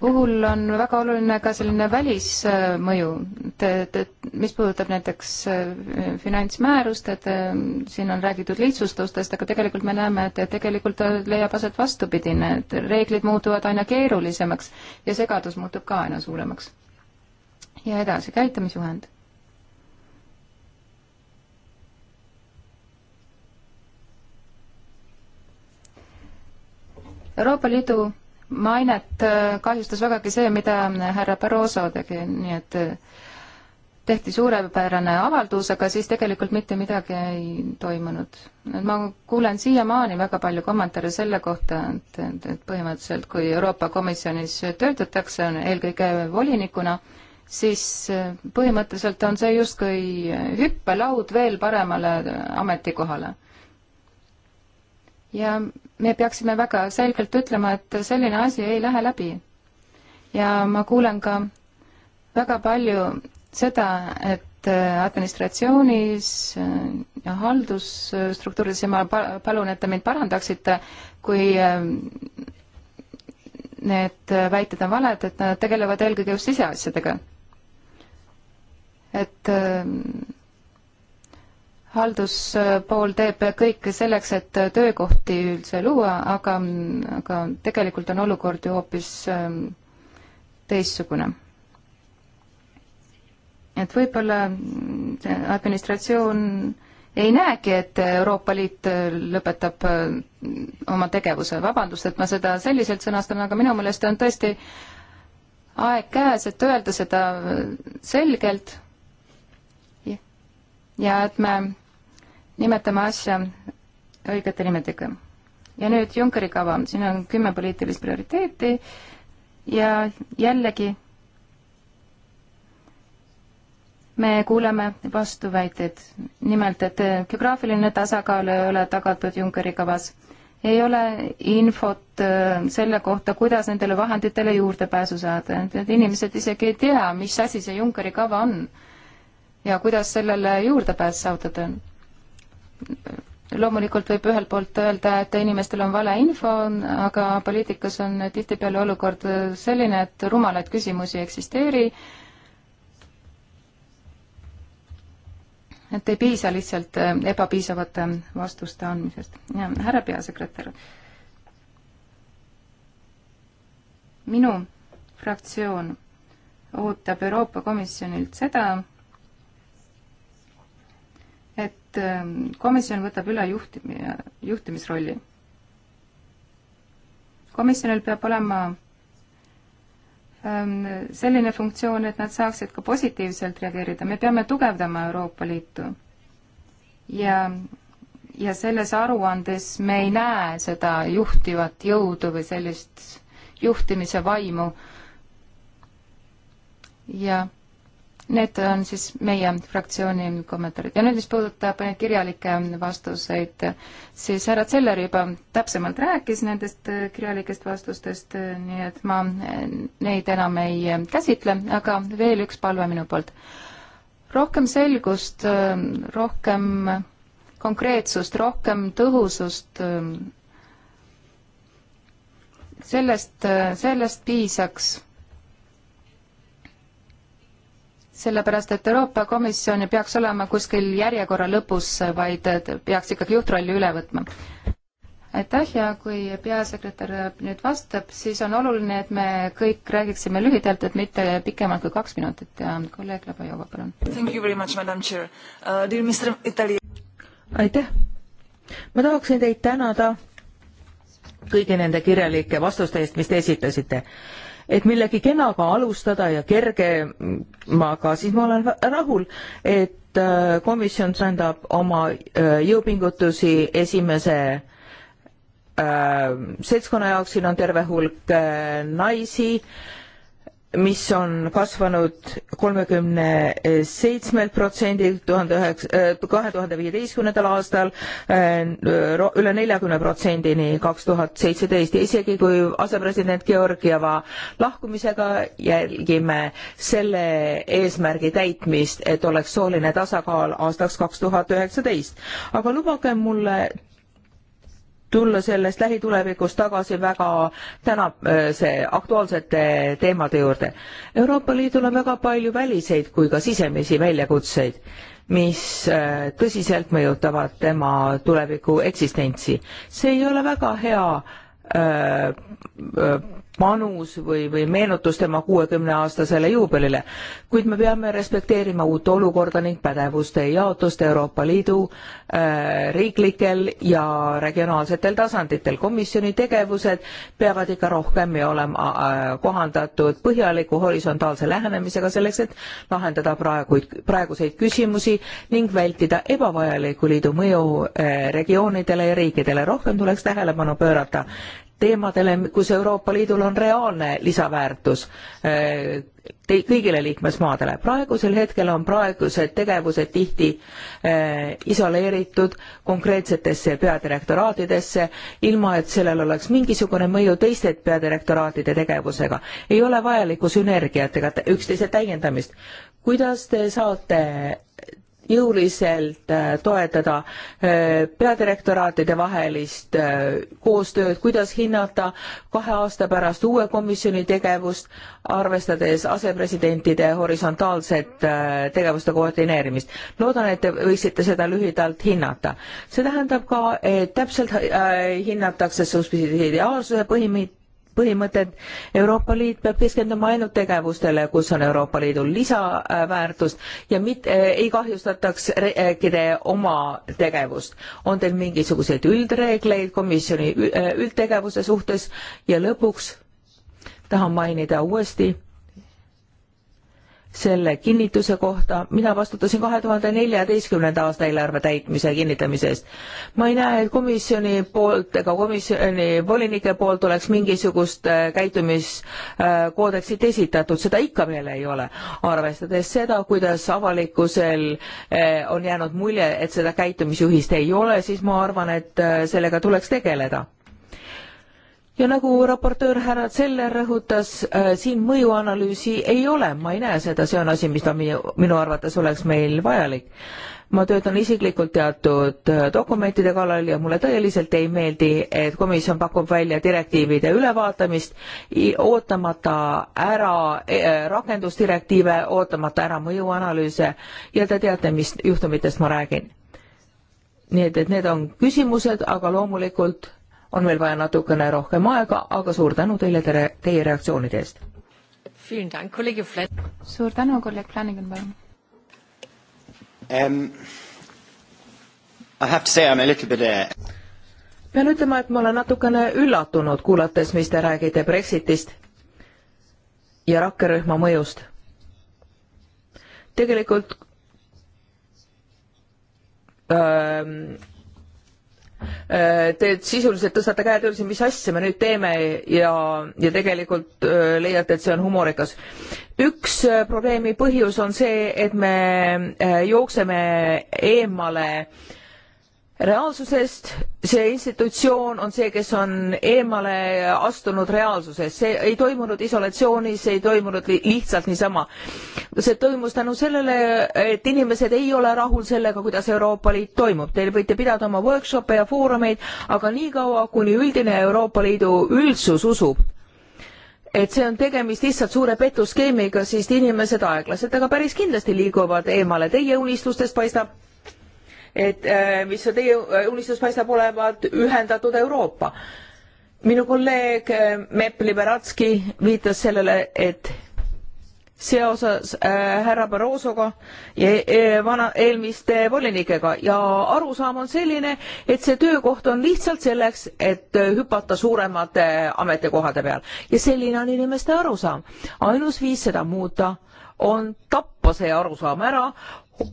puhul on väga oluline ka selline välismõju, et, et, et mis puudutab näiteks äh, finantsmäärust, et äh, siin on räägitud lihtsustustest, aga tegelikult me näeme, et tegelikult leiab aset vastupidine, et reeglid muutuvad aina keerulisemaks ja segadus muutub ka aina suuremaks. ja edasi, käitumisjuhend. Euroopa Liidu mainet äh, kahjustas vägagi see, mida härra Barroso tegi, nii et äh, tehti suurepärane avaldus, aga siis tegelikult mitte midagi ei toimunud. et ma kuulen siiamaani väga palju kommentaare selle kohta, et, et, et põhimõtteliselt kui Euroopa Komisjonis töötatakse eelkõige volinikuna, siis äh, põhimõtteliselt on see justkui hüppelaud veel paremale ametikohale. ja me peaksime väga selgelt ütlema, et selline asi ei lähe läbi. ja ma kuulen ka väga palju seda, et äh, administratsioonis äh, ja haldusstruktuurides ja ma palun, et te mind parandaksite, kui äh, need väited on valed, et nad tegelevad eelkõige just siseasjadega. et halduspool teeb kõik selleks, et töökohti üldse luua, aga, aga tegelikult on olukord ju hoopis ähm, teistsugune. et võib-olla administratsioon ei näegi, et Euroopa Liit lõpetab äh, oma tegevuse. vabandust, et ma seda selliselt sõnastan, aga minu meelest on tõesti aeg käes, et öelda seda selgelt ja et me nimetame asja õigete nimedega. ja nüüd Junckeri kava, siin on kümme poliitilist prioriteeti ja jällegi me kuuleme vastuväiteid, nimelt et geograafiline tasakaal ei ole tagatud Junckeri kavas. ei ole infot äh, selle kohta, kuidas nendele vahenditele juurdepääsu saada, et inimesed isegi ei tea, mis asi see Junckeri kava on ja kuidas sellele juurdepääs saavutada on loomulikult võib ühelt poolt öelda, et inimestel on valeinfo, aga poliitikas on tihtipeale olukord selline, et rumalaid küsimusi ei eksisteeri. et ei piisa lihtsalt äh, ebapiisavate vastuste andmisest. härra peasekretär, minu fraktsioon ootab Euroopa Komisjonilt seda, et ähm, komisjon võtab üle juhtim-, juhtimisrolli. komisjonil peab olema ähm, selline funktsioon, et nad saaksid ka positiivselt reageerida, me peame tugevdama Euroopa Liitu. ja, ja selles aruandes me ei näe seda juhtivat jõudu või sellist juhtimise vaimu. jah Need on siis meie fraktsiooni kommentaarid. ja nüüd, mis puudutab kirjalikke vastuseid, siis härra Zeller juba täpsemalt rääkis nendest kirjalikest vastustest, nii et ma neid enam ei käsitle, aga veel üks palve minu poolt. rohkem selgust, rohkem konkreetsust, rohkem tõhusust, sellest, sellest piisaks sellepärast, et Euroopa Komisjon ei peaks olema kuskil järjekorra lõpus, vaid peaks ikkagi juhtrolli üle võtma. aitäh ja kui peasekretär nüüd vastab, siis on oluline, et me kõik räägiksime lühidalt, et mitte pikemalt kui kaks minutit ja kolleeg Labajova, palun. Uh, aitäh. ma tahaksin teid tänada kõigi nende kirjalike vastuste eest, mis te esitasite et millegi kenaga alustada ja kergemaga, siis ma olen rahul, et äh, komisjon tähendab oma äh, jõupingutusi esimese äh, seltskonna jaoks, siin on terve hulk naisi äh, mis on kasvanud kolmekümne seitsmelt protsendilt tuhande üheksa, äh, kahe tuhande viieteistkümnendal aastal äh, üle neljakümne protsendini kaks tuhat seitseteist ja isegi kui asepresident Georgieva lahkumisega jälgime selle eesmärgi täitmist, et oleks sooline tasakaal aastaks kaks tuhat üheksateist. aga lubage mulle tulla sellest lähitulevikus tagasi väga tänase äh, aktuaalsete teemade juurde. Euroopa Liidul on väga palju väliseid kui ka sisemisi väljakutseid, mis äh, tõsiselt mõjutavad tema tuleviku eksistentsi. see ei ole väga hea öö, äh, öö, panus või, või meenutus tema kuuekümneaastasele juubelile, kuid me peame respekteerima uut olukorda ning pädevuste jaotust Euroopa Liidu äh, riiklikel ja regionaalsetel tasanditel. komisjoni tegevused peavad ikka rohkem olema äh, kohandatud põhjaliku horisontaalse lähenemisega selleks, et lahendada praegu, praeguseid küsimusi ning vältida ebavajalikku liidu mõju äh, regioonidele ja riikidele. rohkem tuleks tähelepanu pöörata teemadele, kus Euroopa Liidul on reaalne lisaväärtus eh, te-, kõigile liikmesmaadele. praegusel hetkel on praegused tegevused tihti äh, isoleeritud konkreetsetesse peadirektoraatidesse, ilma et sellel oleks mingisugune mõju teiste peadirektoraatide tegevusega. ei ole vajalikku sünergiat ega üksteise täiendamist. kuidas te saate jõuliselt äh, toetada äh, peadirektoraatide vahelist äh, koostööd, kuidas hinnata kahe aasta pärast uue komisjoni tegevust, arvestades asepresidentide horisontaalset tegevuste koordineerimist. loodan, et te võiksite seda lühidalt hinnata. see tähendab ka, et täpselt hinnatakse subsidiaalsuse põhimõtet, põhimõtet. Euroopa Liit peab keskenduma ainult tegevustele, kus on Euroopa Liidul lisaväärtust ja mitte eh,, ei kahjustataks riikide oma tegevust. on teil mingisuguseid üldreegleid komisjoni eh, üldtegevuse suhtes ja lõpuks tahan mainida uuesti selle kinnituse kohta, mina vastutasin kahe tuhande neljateistkümnenda aasta eelarve täitmise kinnitamise eest. ma ei näe, et komisjoni poolt ega komisjoni volinike poolt oleks mingisugust äh, käitumiskoodeksit äh, esitatud, seda ikka veel ei ole. arvestades seda, kuidas avalikkusel äh, on jäänud mulje, et seda käitumisjuhist ei ole, siis ma arvan, et sellega tuleks tegeleda ja nagu raportöör härra Zeller rõhutas äh,, siin mõjuanalüüsi ei ole, ma ei näe seda, see on asi, mis ta minu, minu arvates oleks meil vajalik. ma töötan isiklikult teatud äh, dokumentide kallal ja mulle tõeliselt ei meeldi, et komisjon pakub välja direktiivide ülevaatamist, ootamata ära e, äh, rakendusdirektiive, ootamata ära mõjuanalüüse ja te teate, mis juhtumitest ma räägin. nii et, et need on küsimused, aga loomulikult on meil vaja natukene rohkem aega, aga suur tänu teile tere, teie reaktsioonide eest. suur tänu, kolleeg Flanagan, palun um,. I have to say I am a little bit uh... pean ütlema, et ma olen natukene üllatunud, kuulates, mis te räägite Brexitist ja rakkerühma mõjust. tegelikult öö, um, ähm, Äh, te sisuliselt tõstate käed üles, mis asja me nüüd teeme ja, ja tegelikult äh, leiate, et see on humoorikas. üks äh, probleemi põhjus on see, et me jookseme eemale äh, reaalsusest, see institutsioon on see, kes on eemale astunud reaalsusest, see ei toimunud isolatsioonis, see ei toimunud lihtsalt niisama. see toimus tänu sellele, et inimesed ei ole rahul sellega, kuidas Euroopa Liit toimub. Te võite pidada oma workshop'e ja foorumeid, aga niikaua, kuni üldine Euroopa Liidu üldsus usub, et see on tegemist lihtsalt suure petuskeemiga, siis inimesed aeglaselt, aga päris kindlasti liiguvad eemale. Teie unistustest paistab et äh, mis teie äh, unistus paistab olevat ühendatud Euroopa. minu kolleeg äh, Mepp Liberatski viitas sellele, et seoses äh, härra Barrosoga ja äh, vana, eelmiste volinikega ja arusaam on selline, et see töökoht on lihtsalt selleks, et äh, hüpata suuremate ametikohade peal ja selline on inimeste arusaam. ainus viis seda muuta on tappa see arusaam ära,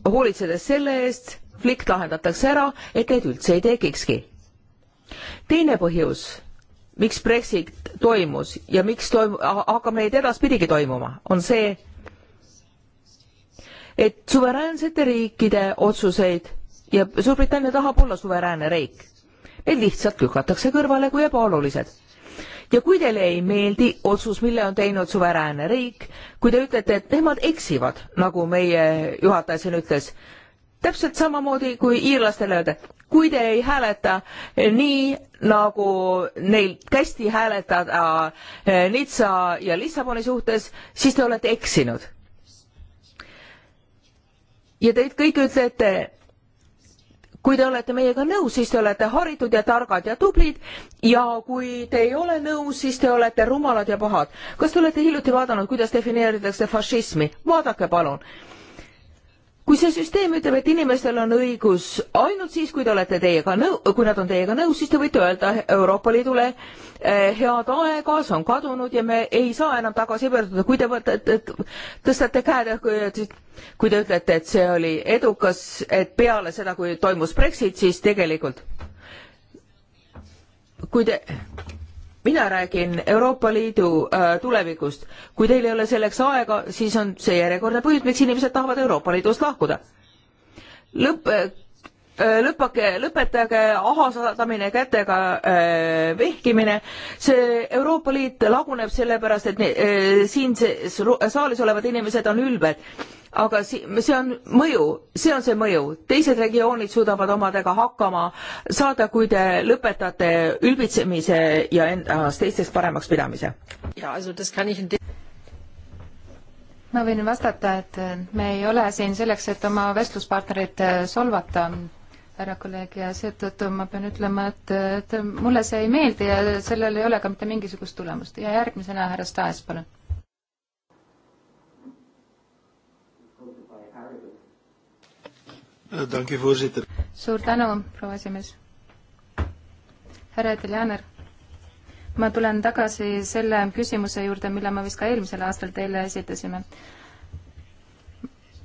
hoolitsedes selle eest, konflikt lahendatakse ära, et neid üldse ei tekikski. teine põhjus miks Brexit toimus ja miks toim-, hakkab neid edaspidigi toimuma, on see, et suveräänsete riikide otsuseid ja Suurbritannia tahab olla suveräänne riik, need lihtsalt lükatakse kõrvale kui ebaolulised ja kui teile ei meeldi otsus, mille on teinud suveräänne riik, kui te ütlete, et nemad eksivad, nagu meie juhataja siin ütles, täpselt samamoodi kui iirlastele öelda, kui te ei hääleta nii, nagu neil kästi hääletada eh, Nizza ja Lissaboni suhtes, siis te olete eksinud. ja teid kõik ütlete, kui te olete meiega nõus, siis te olete haritud ja targad ja tublid ja kui te ei ole nõus, siis te olete rumalad ja pahad. kas te olete hiljuti vaadanud, kuidas defineeritakse fašismi? vaadake palun kui see süsteem ütleb, et inimestel on õigus ainult siis, kui te olete teiega nõu-, kui nad on teiega nõus, siis te võite öelda Euroopa Liidule eh, head aega, see on kadunud ja me ei saa enam tagasi pöörduda, kui te võtate, tõstate käed õhku, kui te ütlete, et see oli edukas, et peale seda, kui toimus Brexit, siis tegelikult kui te mina räägin Euroopa Liidu äh, tulevikust. kui teil ei ole selleks aega, siis on see järjekordne põhjus, miks inimesed tahavad Euroopa Liidust lahkuda. lõpp äh,, äh lõpake, lõpetage ahasadamine kätega äh, vehkimine. see Euroopa Liit laguneb sellepärast, et äh, siin saalis olevad inimesed on ülbed aga si-, see on mõju, see on see mõju. teised regioonid suudavad omadega hakkama saada, kui te lõpetate ülbitsemise ja endast teistest paremaks pidamise. ma võin vastata, et me ei ole siin selleks, et oma vestluspartnerit äh, solvata, härra kolleeg, ja seetõttu ma pean ütlema, et, et mulle see ei meeldi ja sellel ei ole ka mitte mingisugust tulemust. ja järgmisena härra Staes, palun suur tänu, proua esimees. härra Edeljaner, ma tulen tagasi selle küsimuse juurde, mille ma vist ka eelmisel aastal teile esitasime.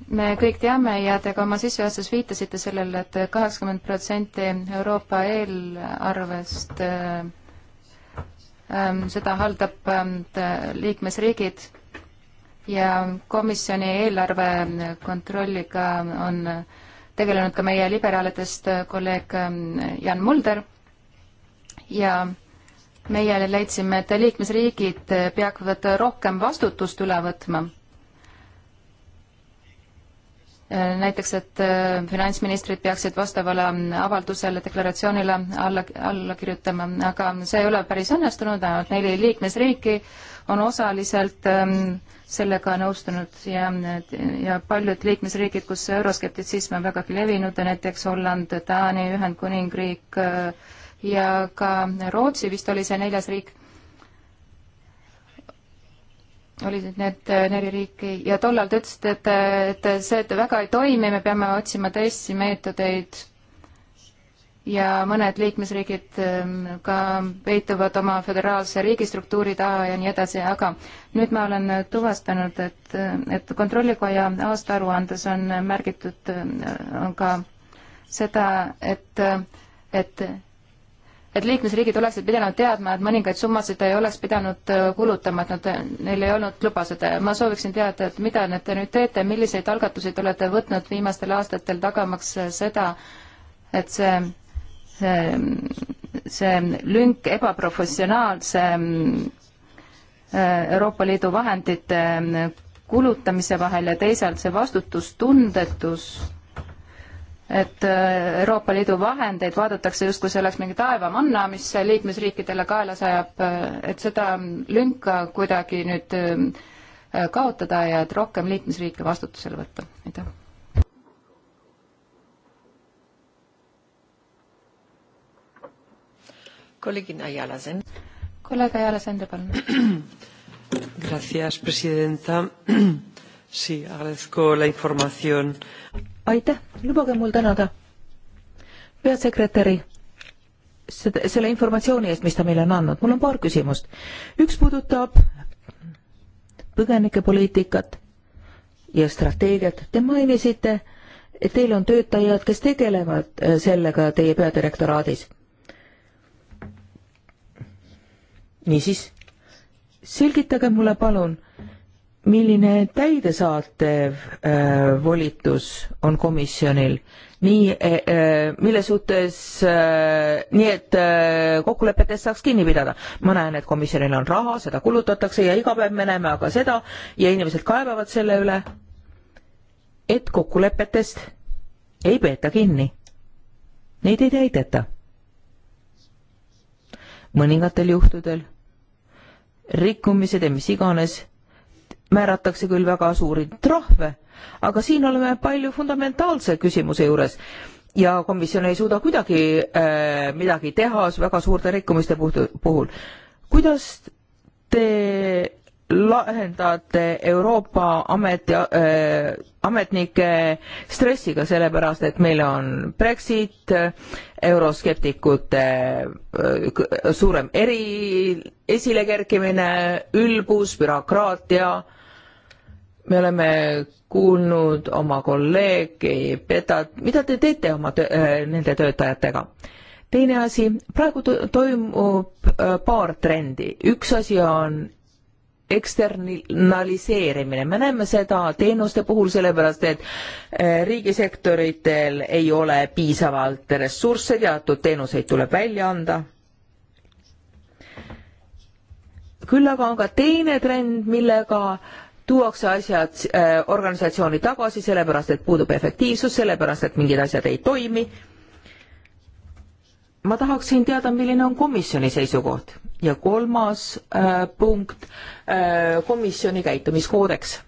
me kõik teame ja te ka oma sissejuhatuses viitasite sellele et, et kaheksakümmend protsenti Euroopa eelarvest äh, seda haldab ähm, liikmesriigid ja komisjoni eelarve kontrolliga on äh, tegelenud ka meie liberaalidest äh, kolleeg ähm, Jan Mulder ja meie leidsime, et liikmesriigid äh, peavad rohkem vastutust üle võtma näiteks, et äh, finantsministrid peaksid vastavale avaldusele, deklaratsioonile alla, alla kirjutama, aga see ei ole päris õnnestunud, ainult neli liikmesriiki on osaliselt ähm, sellega nõustunud ja, ja paljud liikmesriigid, kus euroskeptitsism on vägagi levinud, näiteks Holland, Taani, Ühendkuningriik äh, ja ka Rootsi vist oli see neljas riik olid need äh, neli riiki ja tollal te ütlesite, et, et see et väga ei toimi, me peame otsima teisi meetodeid ja mõned liikmesriigid ähm, ka peituvad oma föderaalse riigistruktuuri taha ja nii edasi, aga nüüd ma olen tuvastanud, et, et Kontrollikoja aastaaruandes on märgitud, äh, on ka seda, et, et et liikmesriigid oleksid pidanud teadma, et mõningaid summasid ei oleks pidanud äh, kulutama, et nad, äh, neil ei olnud luba seda ja ma sooviksin teada, et mida nüüd te nüüd teete, milliseid algatusi te olete võtnud viimastel aastatel, tagamaks äh, seda, et see, see, see lünk ebaprofessionaalse mm, Euroopa Liidu vahendite mm, kulutamise vahel ja teisalt see vastutustundetus et äh, Euroopa Liidu vahendeid vaadatakse justkui see oleks mingi taevamanna, mis liikmesriikidele kaela sajab, äh, et seda lünka kuidagi nüüd äh, kaotada ja et rohkem liikmesriike vastutusele võtta, aitäh. kolleeg Ayala Send-. kolleeg Ayala Sender, palun. Gracias, presidenta. Sí, agradezco la información aitäh, lubage mul tänada peasekretäri seda, selle informatsiooni eest, mis ta meile on andnud. mul on paar küsimust. üks puudutab põgenikepoliitikat ja strateegiat. Te mainisite, et teil on töötajad, kes tegelevad äh, sellega teie peadirektoraadis. niisiis, selgitage mulle palun, milline täidesaatev äh, volitus on komisjonil, nii äh,, mille suhtes äh,, nii et äh, kokkulepetest saaks kinni pidada. ma näen, et komisjonil on raha, seda kulutatakse ja iga päev me näeme aga seda ja inimesed kaebavad selle üle, et kokkulepetest ei peeta kinni. Neid ei täideta. mõningatel juhtudel rikkumised ja mis iganes määratakse küll väga suuri trahve, aga siin oleme palju fundamentaalse küsimuse juures ja komisjon ei suuda kuidagi äh, midagi teha väga suurte rikkumiste puhul. kuidas te lahendate Euroopa ameti äh,, ametnike stressiga, sellepärast et meil on Brexit, euroskeptikute äh, suurem eri, esilekerkimine, ülbus, bürokraatia, me oleme kuulnud oma kolleegi Petat, mida te teete oma töö, äh, nende töötajatega? teine asi, praegu toimub äh, paar trendi, üks asi on eksternaliseerimine, me näeme seda teenuste puhul, sellepärast et eh, riigisektoritel ei ole piisavalt ressursse, teatud teenuseid tuleb välja anda. küll aga on ka teine trend, millega tuuakse asjad eh, organisatsiooni tagasi, sellepärast et puudub efektiivsus, sellepärast et mingid asjad ei toimi ma tahaksin teada, milline on komisjoni seisukoht ja kolmas äh, punkt äh,, komisjoni käitumiskoodeks.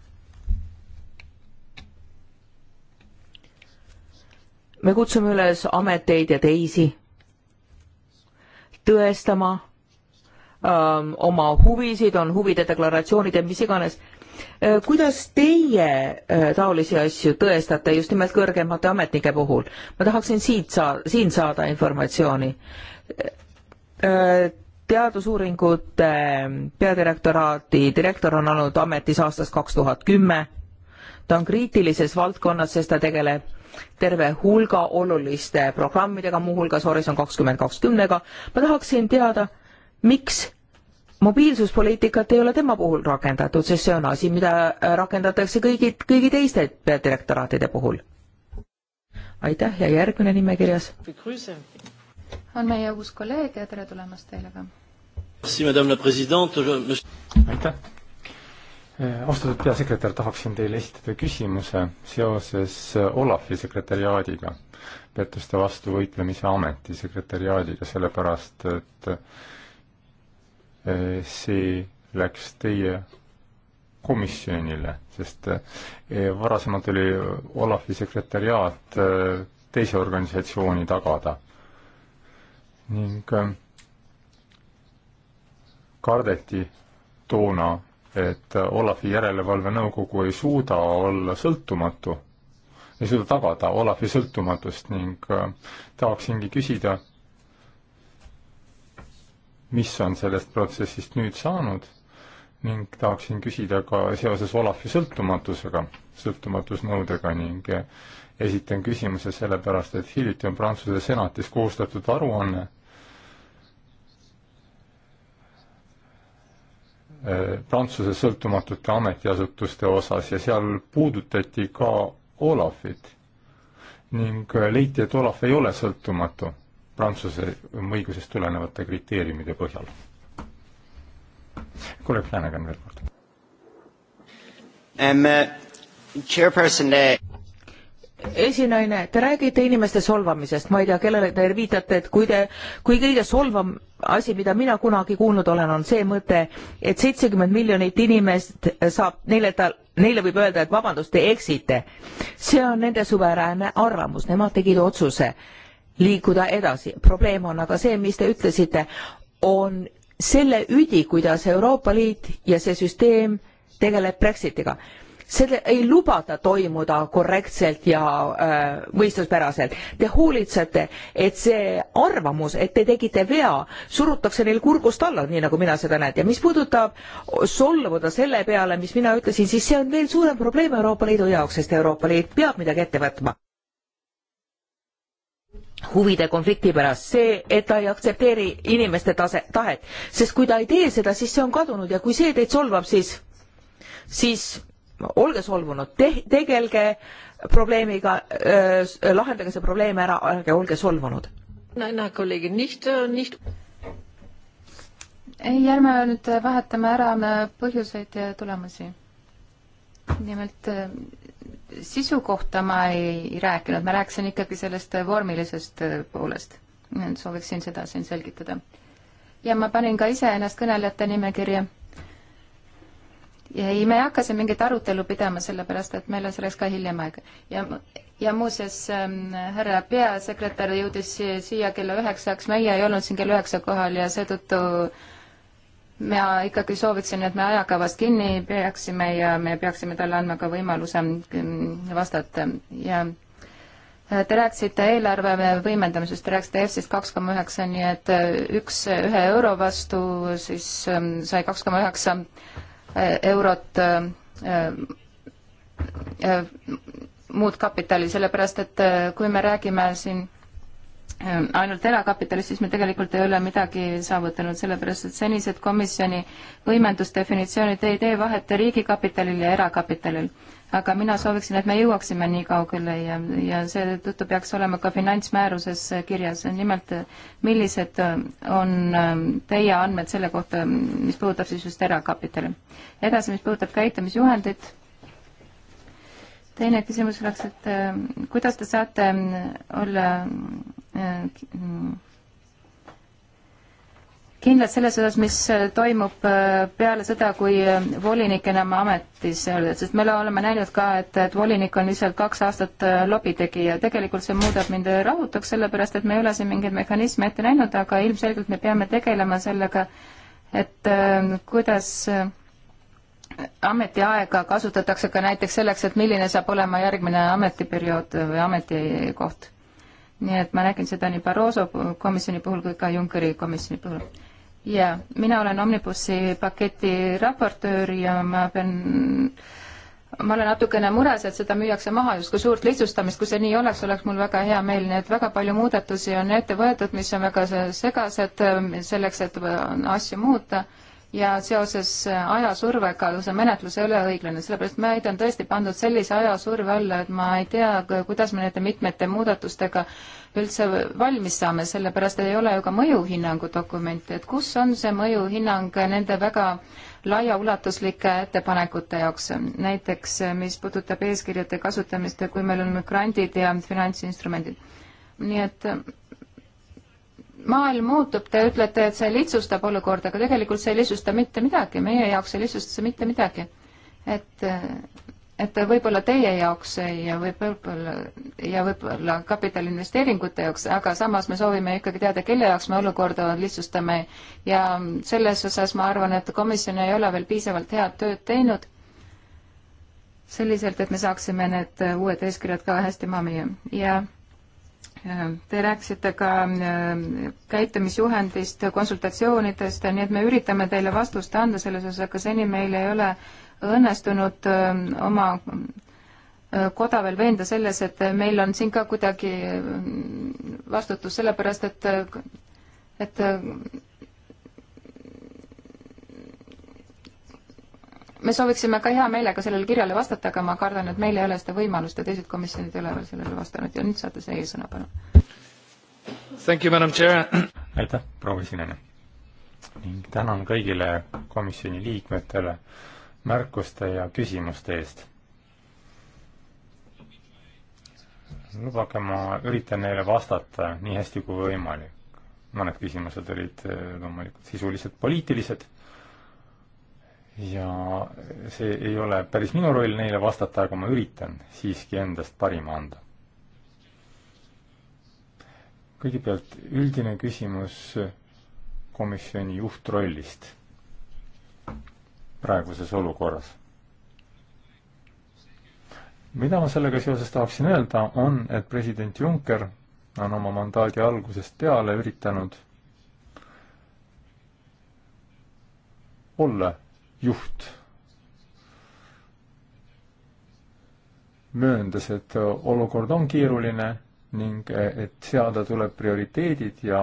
me kutsume üles ameteid ja teisi tõestama öö, ähm, oma huvisid, on huvide deklaratsioonid ja mis iganes. Äh, kuidas teie öö, äh, taolisi asju tõestate just nimelt kõrgemate ametnike puhul? ma tahaksin siit saa-, siin saada informatsiooni öö, äh, teadusuuringute peadirektoraadi direktor on olnud ametis aastast kaks tuhat kümme. ta on kriitilises valdkonnas, sest ta tegeleb terve hulga oluliste programmidega, muuhulgas Horisont kakskümmend kakskümnega. ma tahaksin teada, miks mobiilsuspoliitikat ei ole tema puhul rakendatud, sest see on asi, mida rakendatakse kõigi, kõigi teiste peadirektoraatide puhul. aitäh ja järgmine nimekirjas on meie uus kolleeg ja tere tulemast teile ka. aitäh. Eh, austatud peasekretär, tahaksin teile esitada küsimuse seoses eh, Olafi sekretäriaadiga, pettuste vastu võitlemise ameti sekretäriaadiga, sellepärast et eh, see läks teie komisjonile, sest varasemalt oli Olafi sekretäriaat teise organisatsiooni tagada ning äh, kardeti toona, et äh, Olavi järelevalvenõukogu ei suuda olla sõltumatu, ei suuda tagada Olavi sõltumatust ning äh, tahaksingi küsida, mis on sellest protsessist nüüd saanud ning tahaksin küsida ka seoses Olavi sõltumatusega, sõltumatusnõudega ning esitan küsimuse sellepärast, et hiljuti on Prantsuse senatis koostatud aruanne Äh, Prantsuse sõltumatute ametiasutuste osas ja seal puudutati ka Olafit ning äh, leiti, et Olaf ei ole sõltumatu Prantsuse õigusest tulenevate kriteeriumide põhjal. kolleeg Flanagan veel kord um,. Uh, Chairperson uh esinaine, te räägite inimeste solvamisest, ma ei tea, kellele te viitate, et kui te, kui kõige solvam asi, mida mina kunagi kuulnud olen, on see mõte, et seitsekümmend miljonit inimest saab neile tal, neile võib öelda, et vabandust, te eksite. see on nende suveräänne arvamus, nemad tegid otsuse liikuda edasi. probleem on aga see, mis te ütlesite, on selle üdi, kuidas Euroopa Liit ja see süsteem tegeleb Brexitiga selle ei lubata toimuda korrektselt ja äh, mõistuspäraselt. Te hoolitsete, et see arvamus, et te tegite vea, surutakse neil kurgust alla, nii nagu mina seda näen. ja mis puudutab solvuda selle peale, mis mina ütlesin, siis see on veel suurem probleem Euroopa Liidu jaoks, sest Euroopa Liit peab midagi ette võtma huvide konflikti pärast, see, et ta ei aktsepteeri inimeste tase, tahet, sest kui ta ei tee seda, siis see on kadunud ja kui see teid solvab, siis, siis olge solvunud te, tegelge probleemiga, lahendage see probleem ära, ärge olge solvunud. Äh, ei, ärme nüüd vahetame ära äh, põhjuseid ja tulemusi. nimelt äh, sisu kohta ma ei rääkinud, ma rääkisin ikkagi sellest vormilisest poolest. sooviksin seda siin selgitada. ja ma panin ka ise ennast kõnelejate nimekirja ei, me ei hakka siin mingit arutelu pidama, sellepärast et meil on selleks ka hiljem aega. ja, ja muuseas ähm,, härra peasekretär jõudis siia, siia kella üheksaks, meie ei olnud siin kell üheksa kohal ja seetõttu ma ikkagi sooviksin, et me ajakavast kinni peaksime ja me peaksime talle andma ka võimaluse ähm, vastata ja äh, Te rääkisite eelarve võimendamisest, te rääkisite EFSist kaks koma üheksa, nii et äh, üks ühe euro vastu siis ähm, sai kaks koma üheksa eurot äh, äh, muud kapitali, sellepärast et äh, kui me räägime siin ainult erakapitalist, siis me tegelikult ei ole midagi saavutanud, sellepärast et senised komisjoni võimendusdefinitsioonid ei tee vahet riigikapitalil ja erakapitalil aga mina sooviksin, et me jõuaksime nii kaugele ja, ja seetõttu peaks olema ka finantsmääruses kirjas, nimelt millised on ähm, teie andmed selle kohta, mis puudutab siis just erakapitali. edasi, mis puudutab käitumisjuhendit, teine küsimus oleks, et äh, kuidas te saate olla äh, kindlad selles osas, mis toimub äh, peale seda, kui äh, volinik enam ametis ei ole, sest me oleme näinud ka, et, et volinik on lihtsalt kaks aastat äh, lobitegija. tegelikult see muudab mind rahutuks, sellepärast et me ei ole siin mingeid mehhanisme ette näinud, aga ilmselgelt me peame tegelema sellega, et kuidas ametiaega kasutatakse ka näiteks selleks, et milline saab olema järgmine ametiperiood või ametikoht nii et ma nägin seda nii Barroso komisjoni puhul kui ka Junckeri komisjoni puhul jaa, mina olen Omnibussi paketi raportöör ja ma pean ma olen natukene mures, et seda müüakse maha justkui suurt lihtsustamist, kui see nii oleks, oleks mul väga hea meel, nii et väga palju muudatusi on ette võetud, mis on väga segased selleks, et asju muuta ja seoses ajasurvega see menetlus ei ole õiglane, sellepärast meid on tõesti pandud sellise ajasurve alla, et ma ei tea, kuidas me nende mitmete muudatustega üldse valmis saame, sellepärast ei ole ju ka mõjuhinnangu dokumenti, et kus on see mõjuhinnang nende väga laiaulatuslike ettepanekute jaoks, näiteks mis puudutab eeskirjade kasutamist, kui meil on migrandid ja finantsinstrumendid. nii et maailm muutub, te ütlete, et see lihtsustab olukorda, aga tegelikult see ei lihtsusta mitte midagi, meie jaoks ei lihtsusta see mitte midagi. et, et võib-olla teie jaoks ja võib-olla, ja võib-olla kapitaliinvesteeringute jaoks, aga samas me soovime ikkagi teada, kelle jaoks me olukorda lihtsustame ja selles osas ma arvan, et komisjon ei ole veel piisavalt head tööd teinud selliselt, et me saaksime need uued eeskirjad ka hästi maha müüa ja Te rääkisite ka äh, käitumisjuhendist, konsultatsioonidest, nii et me üritame teile vastust anda selles osas, aga seni meil ei ole õnnestunud äh, oma äh, koda veel veenda selles, et meil on siin ka kuidagi vastutus, sellepärast et, et me sooviksime ka hea meelega sellele kirjale vastata, aga ma kardan, et meil ei ole seda võimalust ja teised komisjonid ei ole veel sellele vastanud ja nüüd saate see eesõna, palun. aitäh, proua esineja. ning tänan kõigile komisjoni liikmetele märkuste ja küsimuste eest. lubage, ma üritan neile vastata nii hästi kui võimalik. mõned küsimused olid eh, loomulikult sisuliselt poliitilised ja see ei ole päris minu roll neile vastata, aga ma üritan siiski endast parima anda. kõigepealt üldine küsimus komisjoni juhtrollist praeguses olukorras. mida ma sellega seoses tahaksin öelda, on, et president Juncker on oma mandaadi algusest peale üritanud olla juht mööndas, et olukord on keeruline ning et seada tuleb prioriteedid ja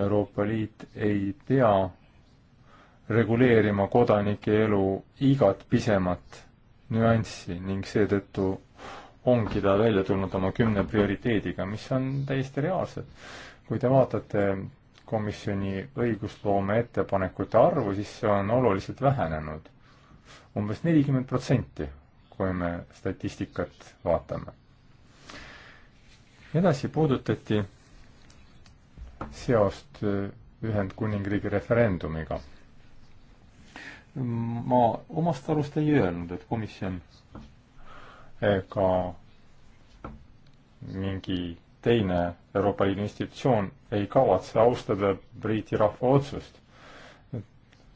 Euroopa Liit ei pea reguleerima kodanike elu igat pisemat nüanssi ning seetõttu ongi ta välja tulnud oma kümne prioriteediga, mis on täiesti reaalsed. kui te vaatate komisjoni õigusloome ettepanekute arvu, siis see on oluliselt vähenenud. umbes nelikümmend protsenti, kui me statistikat vaatame. edasi puudutati seost Ühendkuningriigi referendumiga. ma omast arust ei öelnud, et komisjon ega mingi teine Euroopa Liidu institutsioon ei kavatse austada Briti rahva otsust.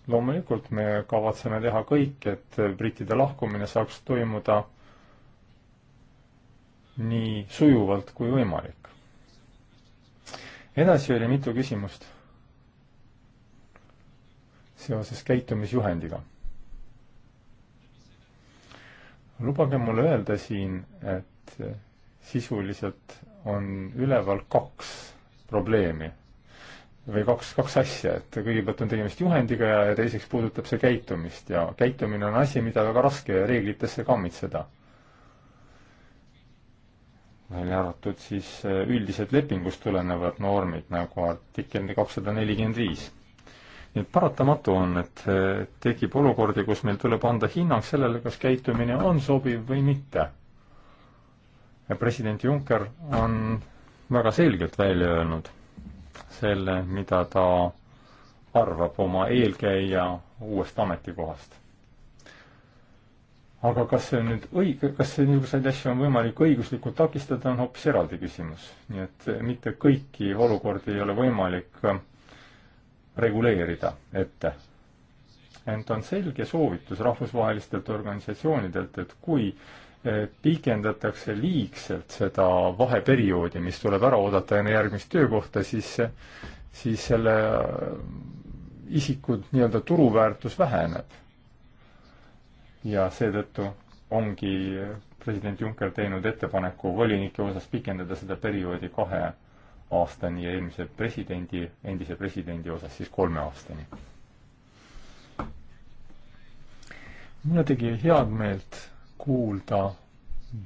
loomulikult me kavatseme teha kõik, et brittide lahkumine saaks toimuda nii sujuvalt kui võimalik. edasi oli mitu küsimust seoses käitumisjuhendiga. lubage mul öelda siin, et sisuliselt on üleval kaks probleemi või kaks, kaks asja, et kõigepealt on tegemist juhendiga ja, ja teiseks puudutab see käitumist ja käitumine on asi, mida väga raske reeglitesse kammitseda. välja arvatud siis äh, üldised lepingust tulenevad normid nagu artikkel kakssada nelikümmend viis. nii et paratamatu on, et äh, tekib olukordi, kus meil tuleb anda hinnang sellele, kas käitumine on sobiv või mitte ja president Juncker on väga selgelt välja öelnud selle, mida ta arvab oma eelkäija uuest ametikohast. aga kas see on nüüd õige, kas niisuguseid asju on võimalik õiguslikult takistada, on hoopis eraldi küsimus. nii et mitte kõiki olukordi ei ole võimalik äh, reguleerida ette. ent on selge soovitus rahvusvahelistelt organisatsioonidelt, et kui äh, pikendatakse liigselt seda vaheperioodi, mis tuleb ära oodata enne järgmist töökohta, siis, siis selle äh, isiku nii-öelda turuväärtus väheneb. ja seetõttu ongi president Juncker teinud ettepaneku volinike osas pikendada seda perioodi kahe aastani ja eelmise presidendi, endise presidendi osas siis kolme aastani. mulle tegi head meelt kuulda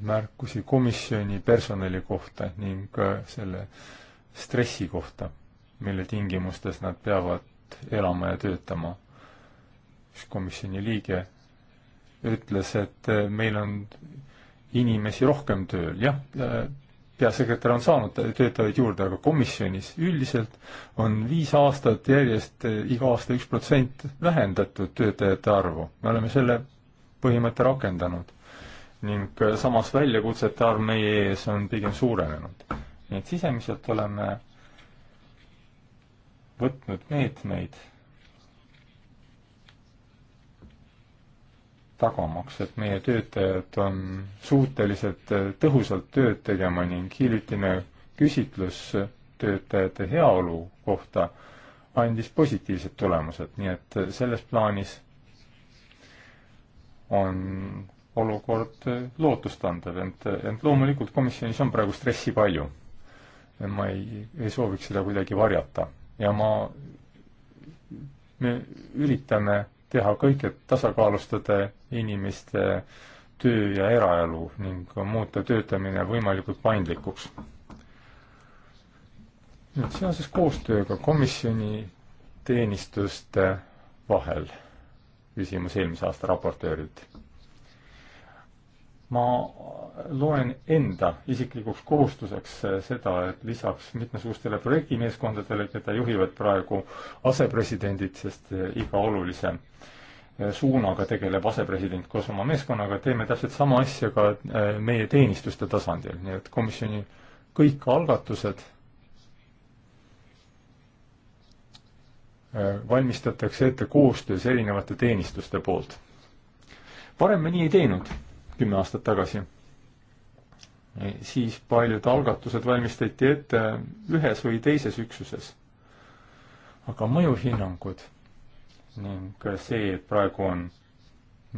märkusi komisjoni personali kohta ning äh, selle stressi kohta, mille tingimustes nad peavad elama ja töötama. üks komisjoni liige ütles, et äh, meil on inimesi rohkem tööl, jah, äh, peasekretär on saanud töötajaid juurde, aga komisjonis üldiselt on viis aastat järjest iga aasta üks protsent vähendatud töötajate arvu. me oleme selle põhimõtte rakendanud ning samas väljakutsete arv meie ees on pigem suurenenud. nii et sisemiselt oleme võtnud meetmeid tagamaks, et meie töötajad on suutelised tõhusalt tööd tegema ning hiljutine küsitlus töötajate heaolu kohta andis positiivsed tulemused, nii et selles plaanis on olukord lootustandev, ent, ent loomulikult komisjonis on praegu stressi palju. ma ei, ei sooviks seda kuidagi varjata ja ma, me üritame teha kõik, et tasakaalustada inimeste töö ja eraelu ning muuta töötamine võimalikult paindlikuks. nüüd seoses koostööga komisjoni teenistuste vahel, küsimus eelmise aasta raportöörilt ma loen enda isiklikuks kohustuseks seda, et lisaks mitmesugustele projektimeeskondadele, keda juhivad praegu asepresidendid, sest eh, iga olulise eh, suunaga tegeleb asepresident koos oma meeskonnaga, teeme täpselt sama asja ka eh, meie teenistuste tasandil, nii et komisjoni kõik algatused valmistatakse ette koostöös erinevate teenistuste poolt. varem me nii ei teinud kümme aastat tagasi. siis paljud algatused valmistati ette ühes või teises üksuses. aga mõjuhinnangud ning see, et praegu on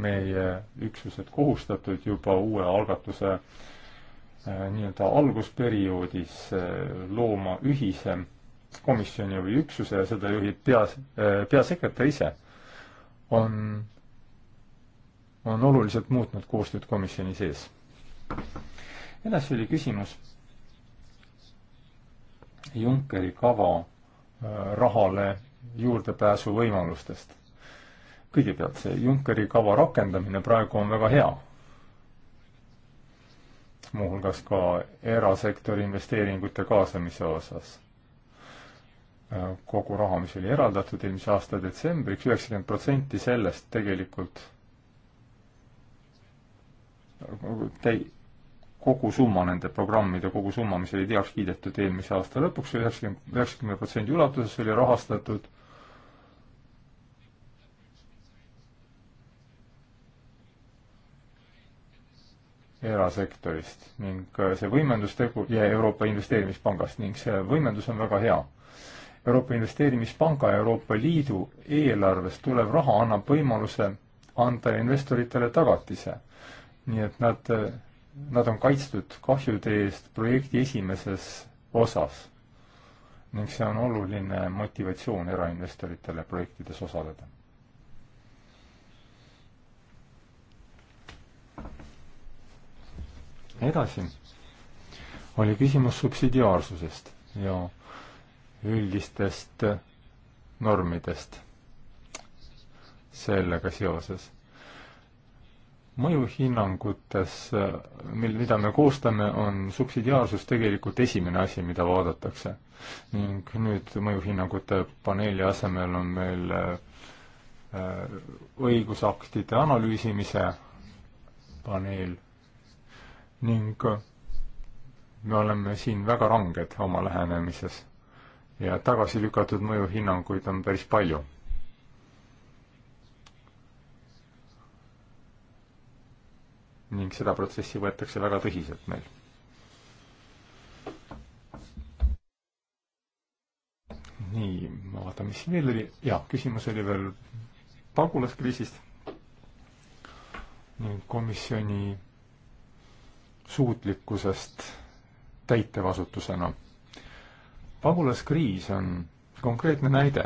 meie üksused kohustatud juba uue algatuse äh, nii-öelda algusperioodis äh, looma ühise komisjoni või üksuse ja seda juhib peas, äh, peasekretär ise, on on oluliselt muutnud koostööd komisjoni sees. edasi oli küsimus Junckeri kava äh, rahale juurdepääsu võimalustest. kõigepealt see Junckeri kava rakendamine praegu on väga hea. muuhulgas ka erasektori investeeringute kaasamise osas. Äh, kogu raha, mis oli eraldatud eelmise aasta detsembriks, üheksakümmend protsenti sellest tegelikult täi-, kogusumma, nende programmide kogusumma, mis olid heaks kiidetud eelmise aasta lõpuks, üheksakümmend, üheksakümne protsendi ulatuses oli rahastatud erasektorist ning äh, see võimendustegu ja Euroopa Investeerimispangast ning see võimendus on väga hea. Euroopa Investeerimispanga ja Euroopa Liidu eelarvest tulev raha annab võimaluse anda investoritele tagatise nii et nad, nad on kaitstud kahjude eest projekti esimeses osas ning see on oluline motivatsioon erainvestoritele projektides osaleda. edasi oli küsimus subsidiaarsusest ja üldistest normidest sellega seoses mõjuhinnangutes, mil, mida me koostame, on subsidiaarsus tegelikult esimene asi, mida vaadatakse. ning nüüd mõjuhinnangute paneeli asemel on meil äh, õigusaktide analüüsimise paneel ning me oleme siin väga ranged oma lähenemises ja tagasi lükatud mõjuhinnanguid on päris palju ning seda protsessi võetakse väga tõsiselt meil. nii, ma vaatan, mis siin veel oli, jaa, küsimus oli veel pagulaskriisist ning komisjoni suutlikkusest täitevasutusena. pagulaskriis on konkreetne näide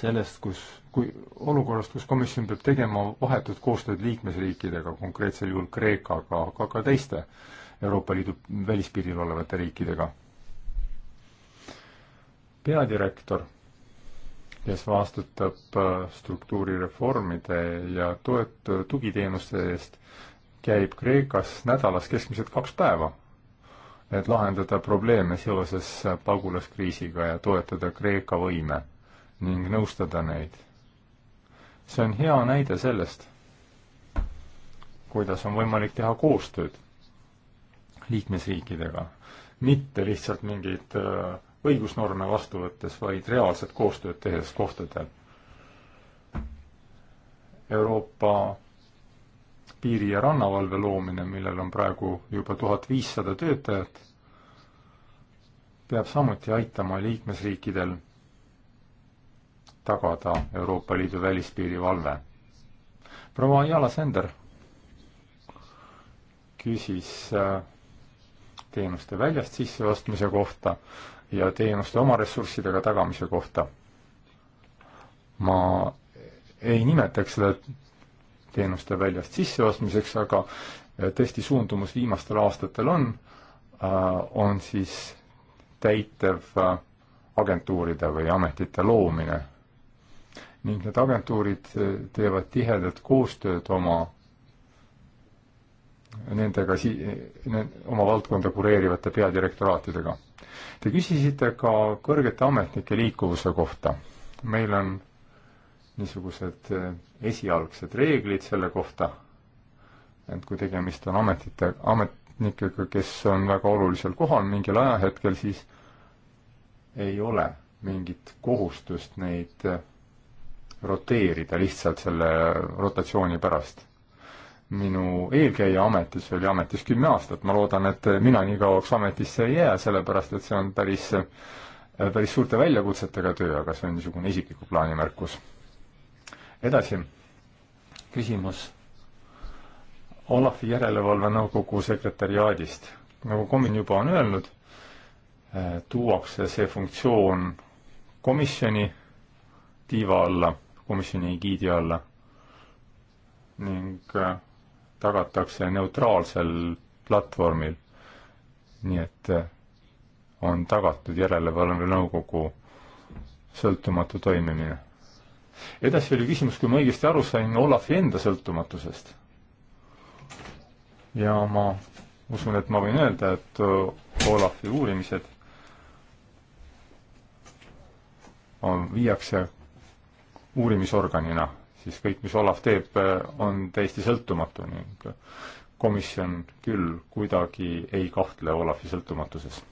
sellest, kus, kui olukorrast, kus komisjon peab tegema vahetut koostööd liikmesriikidega, konkreetsel juhul Kreekaga, aga ka teiste Euroopa Liidu välispiiril olevate riikidega. peadirektor, kes vastutab äh, struktuurireformide ja toet-, tugiteenuste eest, käib Kreekas nädalas keskmiselt kaks päeva et lahendada probleeme seoses pagulaskriisiga ja toetada Kreeka võime ning nõustada neid. see on hea näide sellest, kuidas on võimalik teha koostööd liikmesriikidega, mitte lihtsalt mingeid äh, õigusnorme vastu võttes, vaid reaalset koostööd tehes kohtadel. Euroopa piiri- ja rannavalve loomine, millel on praegu juba tuhat viissada töötajat, peab samuti aitama liikmesriikidel tagada Euroopa Liidu välispiiri valve. proua Jala Sender küsis äh, teenuste väljast sisseostmise kohta ja teenuste oma ressurssidega tagamise kohta. ma ei nimetaks seda teenuste väljast sisseostmiseks, aga äh, tõesti suundumus viimastel aastatel on, äh, on siis täitev agentuuride või ametite loomine ning need agentuurid eh, teevad tihedat koostööd oma, nendega si-, eh, oma valdkonda kureerivate peadirektoraatidega. Te küsisite ka kõrgete ametnike liikuvuse kohta. meil on niisugused eh, esialgsed reeglid selle kohta, et kui tegemist on ametite, ametnikega, kes on väga olulisel kohal mingil ajahetkel, siis ei ole mingit kohustust neid roteerida lihtsalt selle rotatsiooni pärast. minu eelkäija ametis oli ametis kümme aastat, ma loodan, et mina nii kauaks ametisse ei jää, sellepärast et see on päris, päris suurte väljakutsetega töö, aga see on niisugune isikliku plaani märkus. edasi, küsimus Olafi Järelevalvenõukogu sekretäriaadist. nagu Komin juba on öelnud, tuuakse see funktsioon komisjoni tiiva alla komisjoni egiidi alla ning äh, tagatakse neutraalsel platvormil. nii et äh, on tagatud järelevalve nõukogu sõltumatu toimimine. edasi oli küsimus, kui ma õigesti aru sain, Olavi enda sõltumatusest. ja ma usun, et ma võin öelda, et äh, Olavi uurimised on, viiakse uurimisorganina, siis kõik, mis Olav teeb, eh, on täiesti sõltumatu ning komisjon küll kuidagi ei kahtle Olavi sõltumatuses.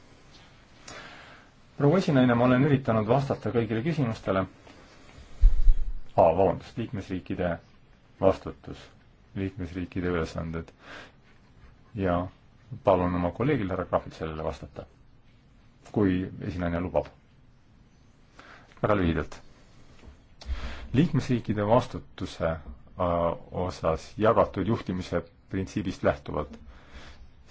proua esinaine, ma olen üritanud vastata kõigile küsimustele. aa, vabandust, liikmesriikide vastutus, liikmesriikide ülesanded ja palun oma kolleegil härra Krahvil sellele vastata, kui esinaine lubab. väga lühidalt liikmesriikide vastutuse äh, osas jagatud juhtimise printsiibist lähtuvalt,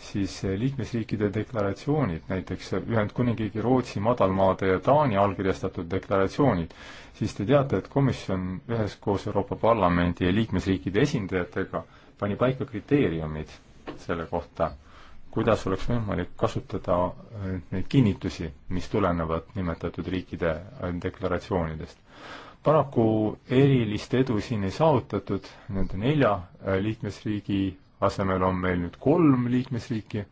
siis äh, liikmesriikide deklaratsioonid, näiteks Ühendkuningriigi, Rootsi, Madalmaade ja Taani allkirjastatud deklaratsioonid, siis te teate, et komisjon üheskoos Euroopa Parlamendi ja liikmesriikide esindajatega pani paika kriteeriumid selle kohta, kuidas oleks võimalik kasutada äh, neid kinnitusi, mis tulenevad nimetatud riikide deklaratsioonidest paraku erilist edu siin ei saavutatud, nende nelja äh, liikmesriigi asemel on meil nüüd kolm liikmesriiki,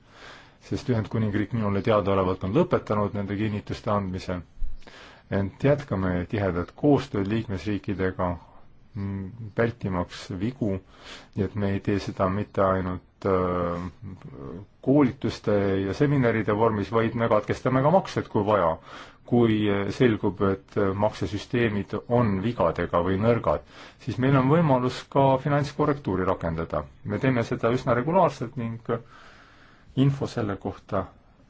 sest Ühendkuningriik minule teadaolevalt on lõpetanud nende kinnituste andmise. ent jätkame tihedat koostööd liikmesriikidega Mm, vältimaks vigu, nii et me ei tee seda mitte ainult äh, koolituste ja seminaride vormis, vaid me katkestame ka maksed, kui vaja. kui selgub, et maksesüsteemid on vigadega või nõrgad, siis meil on võimalus ka finantskorrektuuri rakendada. me teeme seda üsna regulaarselt ning info selle kohta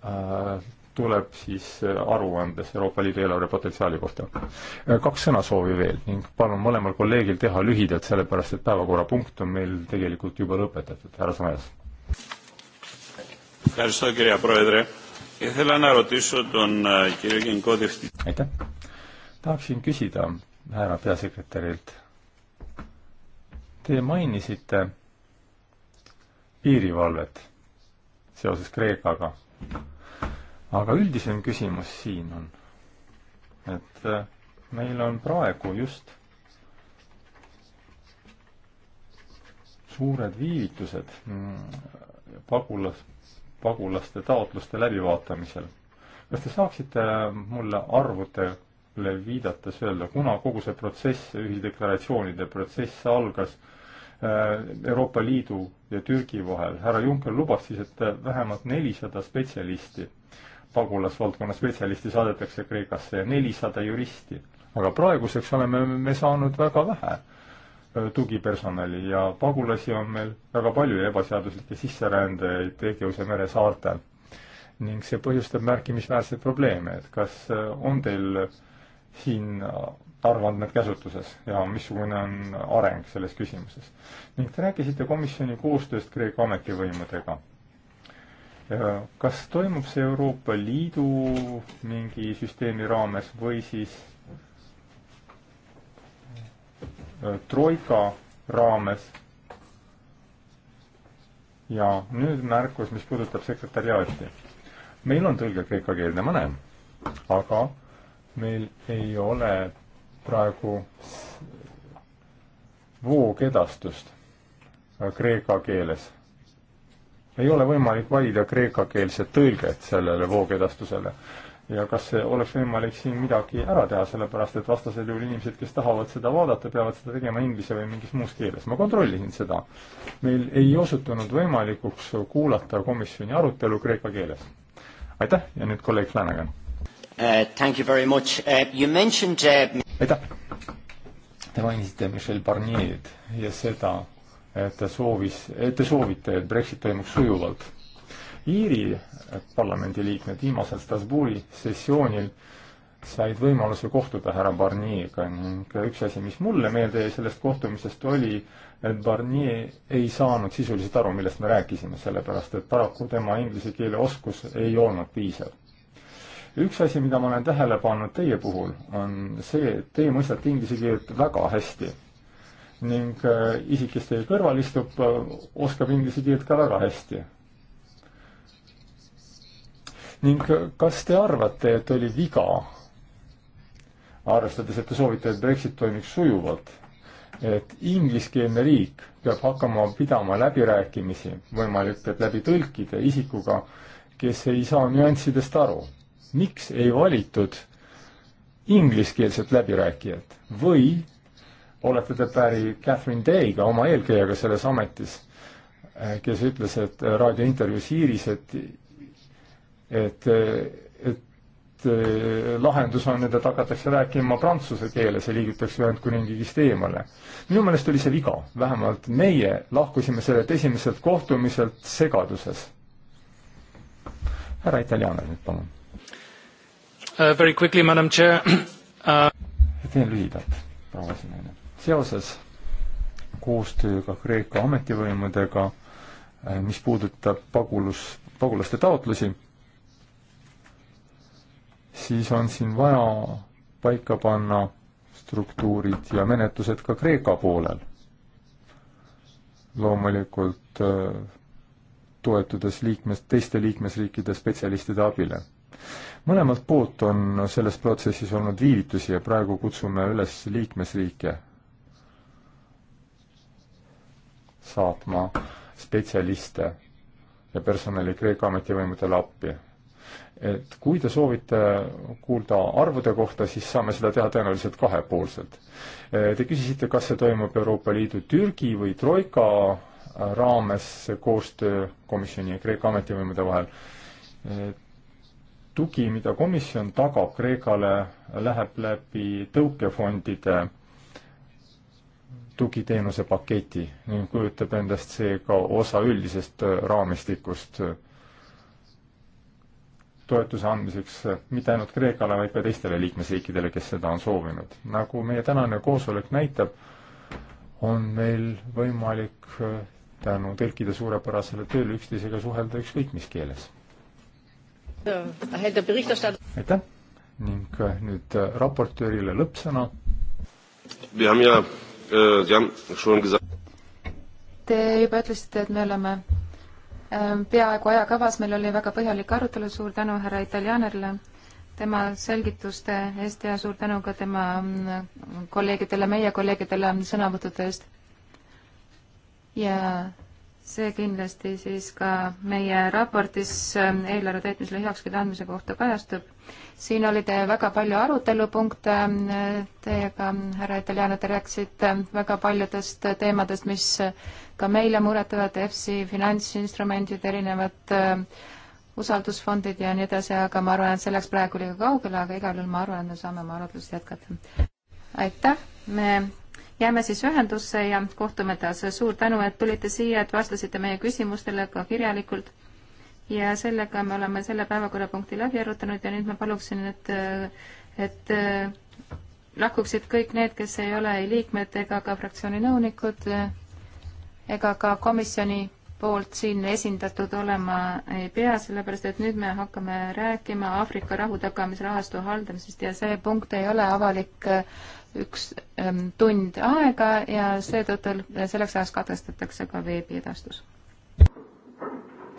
äh, tuleb siis äh, aruandes Euroopa Liidu eelarve potentsiaali kohta. Äh, kaks sõnasoovi veel ning palun mõlemal kolleegil teha lühidalt, sellepärast et päevakorrapunkt on meil tegelikult juba lõpetatud, härra Sajas. aitäh, tahaksin küsida härra peasekretärilt. Te mainisite piirivalvet seoses Kreekaga aga üldisem küsimus siin on, et äh, meil on praegu just suured viivitused mm, pagulas, pagulaste taotluste läbivaatamisel. kas te saaksite mulle arvudele viidates öelda, kuna kogu see protsess, ühisdeklaratsioonide protsess algas äh, Euroopa Liidu ja Türgi vahel, härra Juncker lubas siis, et äh, vähemalt nelisada spetsialisti pagulasvaldkonna spetsialisti saadetakse Kreekasse ja nelisada juristi. aga praeguseks oleme me saanud väga vähe tugipersonali ja pagulasi on meil väga palju ja ebaseaduslikke sisserändajaid Egeuse mere saartel. ning see põhjustab märkimisväärseid probleeme, et kas on teil siin arvandmed käsutuses ja missugune on areng selles küsimuses. ning te rääkisite komisjoni koostööst Kreeka ametivõimudega kas toimub see Euroopa Liidu mingi süsteemi raames või siis äh, troika raames? ja nüüd märkus, mis puudutab sekretäriaati. meil on tõlge kreekakeelne mõne, aga meil ei ole praegu voogedastust äh, kreeka keeles ei ole võimalik valida kreekakeelset tõlget sellele voogedastusele. ja kas oleks võimalik siin midagi ära teha, sellepärast et vastasel juhul inimesed, kes tahavad seda vaadata, peavad seda tegema inglise või mingis muus keeles. ma kontrollisin seda. meil ei osutunud võimalikuks kuulata komisjoni arutelu kreeka keeles. aitäh ja nüüd kolleeg Flanagan uh,. Thank you very much uh,. You mentioned uh... aitäh. Te mainisite Michel Barnier'd ja seda, et ta soovis, et te soovite, et Brexit toimuks sujuvalt. Iiri parlamendiliikmed viimasel Strasbourgi sessioonil said võimaluse kohtuda härra Barnier'ga ning üks asi, mis mulle meelde jäi sellest kohtumisest, oli, et Barnier ei saanud sisuliselt aru, millest me rääkisime, sellepärast et paraku tema inglise keele oskus ei olnud piisav. üks asi, mida ma olen tähele pannud teie puhul, on see, et teie mõistate inglise keelt väga hästi ning äh, isik, kes teie kõrval istub, äh, oskab inglise keelt ka väga hästi. ning äh, kas te arvate, et oli viga, arvestades, et te soovite, et Brexit toimiks sujuvalt, et ingliskeelne riik peab hakkama pidama läbirääkimisi, võimalik, et läbi tõlkide isikuga, kes ei saa nüanssidest aru. miks ei valitud ingliskeelset läbirääkijat või olete te päri Catherine Day'ga, oma eelkäijaga selles ametis, eh, kes ütles, et eh, raadiointervjuus Iiris, et, eh, et, et lahendus on, et hakatakse rääkima prantsuse keeles ja liigutakse Ühendkuningriigist eemale. minu meelest oli see viga, vähemalt meie lahkusime sellelt esimeselt kohtumiselt segaduses. härra Italianer nüüd palun uh,. Very quickly, madam chair uh.... teen lühidalt, proua esineja seoses koostööga Kreeka ametivõimudega, eh, mis puudutab pagulus, pagulaste taotlusi, siis on siin vaja paika panna struktuurid ja menetlused ka Kreeka poolel. loomulikult eh, toetudes liikmes, teiste liikmesriikide spetsialistide abile. mõlemalt poolt on selles protsessis olnud viivitusi ja praegu kutsume üles liikmesriike saatma spetsialiste ja personali Kreeka ametivõimudele appi. et kui te soovite kuulda arvude kohta, siis saame seda teha tõenäoliselt kahepoolselt. Te küsisite, kas see toimub Euroopa Liidu Türgi või Troika raames, see koostöö komisjoni ja Kreeka ametivõimude vahel. tugi, mida komisjon tagab Kreekale, läheb läbi tõukefondide tugiteenuse paketi ning kujutab endast seega osa üldisest äh, raamistikust toetuse andmiseks äh, mitte ainult Kreekale, vaid ka teistele liikmesriikidele, kes seda on soovinud. nagu meie tänane koosolek näitab, on meil võimalik äh, tänu tõlkide suurepärasele tööle üksteisega suhelda ükskõik mis keeles. aitäh ning nüüd raportöörile lõppsõna. Äh, Te juba ütlesite, et me oleme ähm, peaaegu ajakavas, meil oli väga põhjalik arutelu, suur tänu härra Italianerile tema selgituste eest ja suur tänu ka tema mm, kolleegidele, meie kolleegidele sõnavõttude eest. ja see kindlasti siis ka meie raportis ähm, eelarve täitmisele heakskiidu andmise kohta kajastub. siin oli te väga palju arutelupunkte ähm, teiega, härra Italiano, te rääkisite ähm, väga paljudest teemadest, mis äh, ka meile muretavad, EFSI finantsinstrumendid, erinevad usaldusfondid ja nii edasi, aga ma arvan, et see läks praegu liiga kaugele, aga igal juhul ma arvan, et me saame oma arutlust jätkata. aitäh, me jääme siis ühendusse ja kohtume taas. suur tänu, et tulite siia, et vastasite meie küsimustele ka kirjalikult. ja sellega me oleme selle päevakorrapunkti läbi arutanud ja nüüd ma paluksin, et, et lahkuksid kõik need, kes ei ole ei liikmed ega ka fraktsiooni nõunikud ega ka komisjoni poolt siin esindatud olema ei pea, sellepärast et nüüd me hakkame rääkima Aafrika rahutagamisrahastu haldamisest ja see punkt ei ole avalik üks ähm, tund aega ja seetõttu selleks ajaks katkestatakse ka veebiedastus.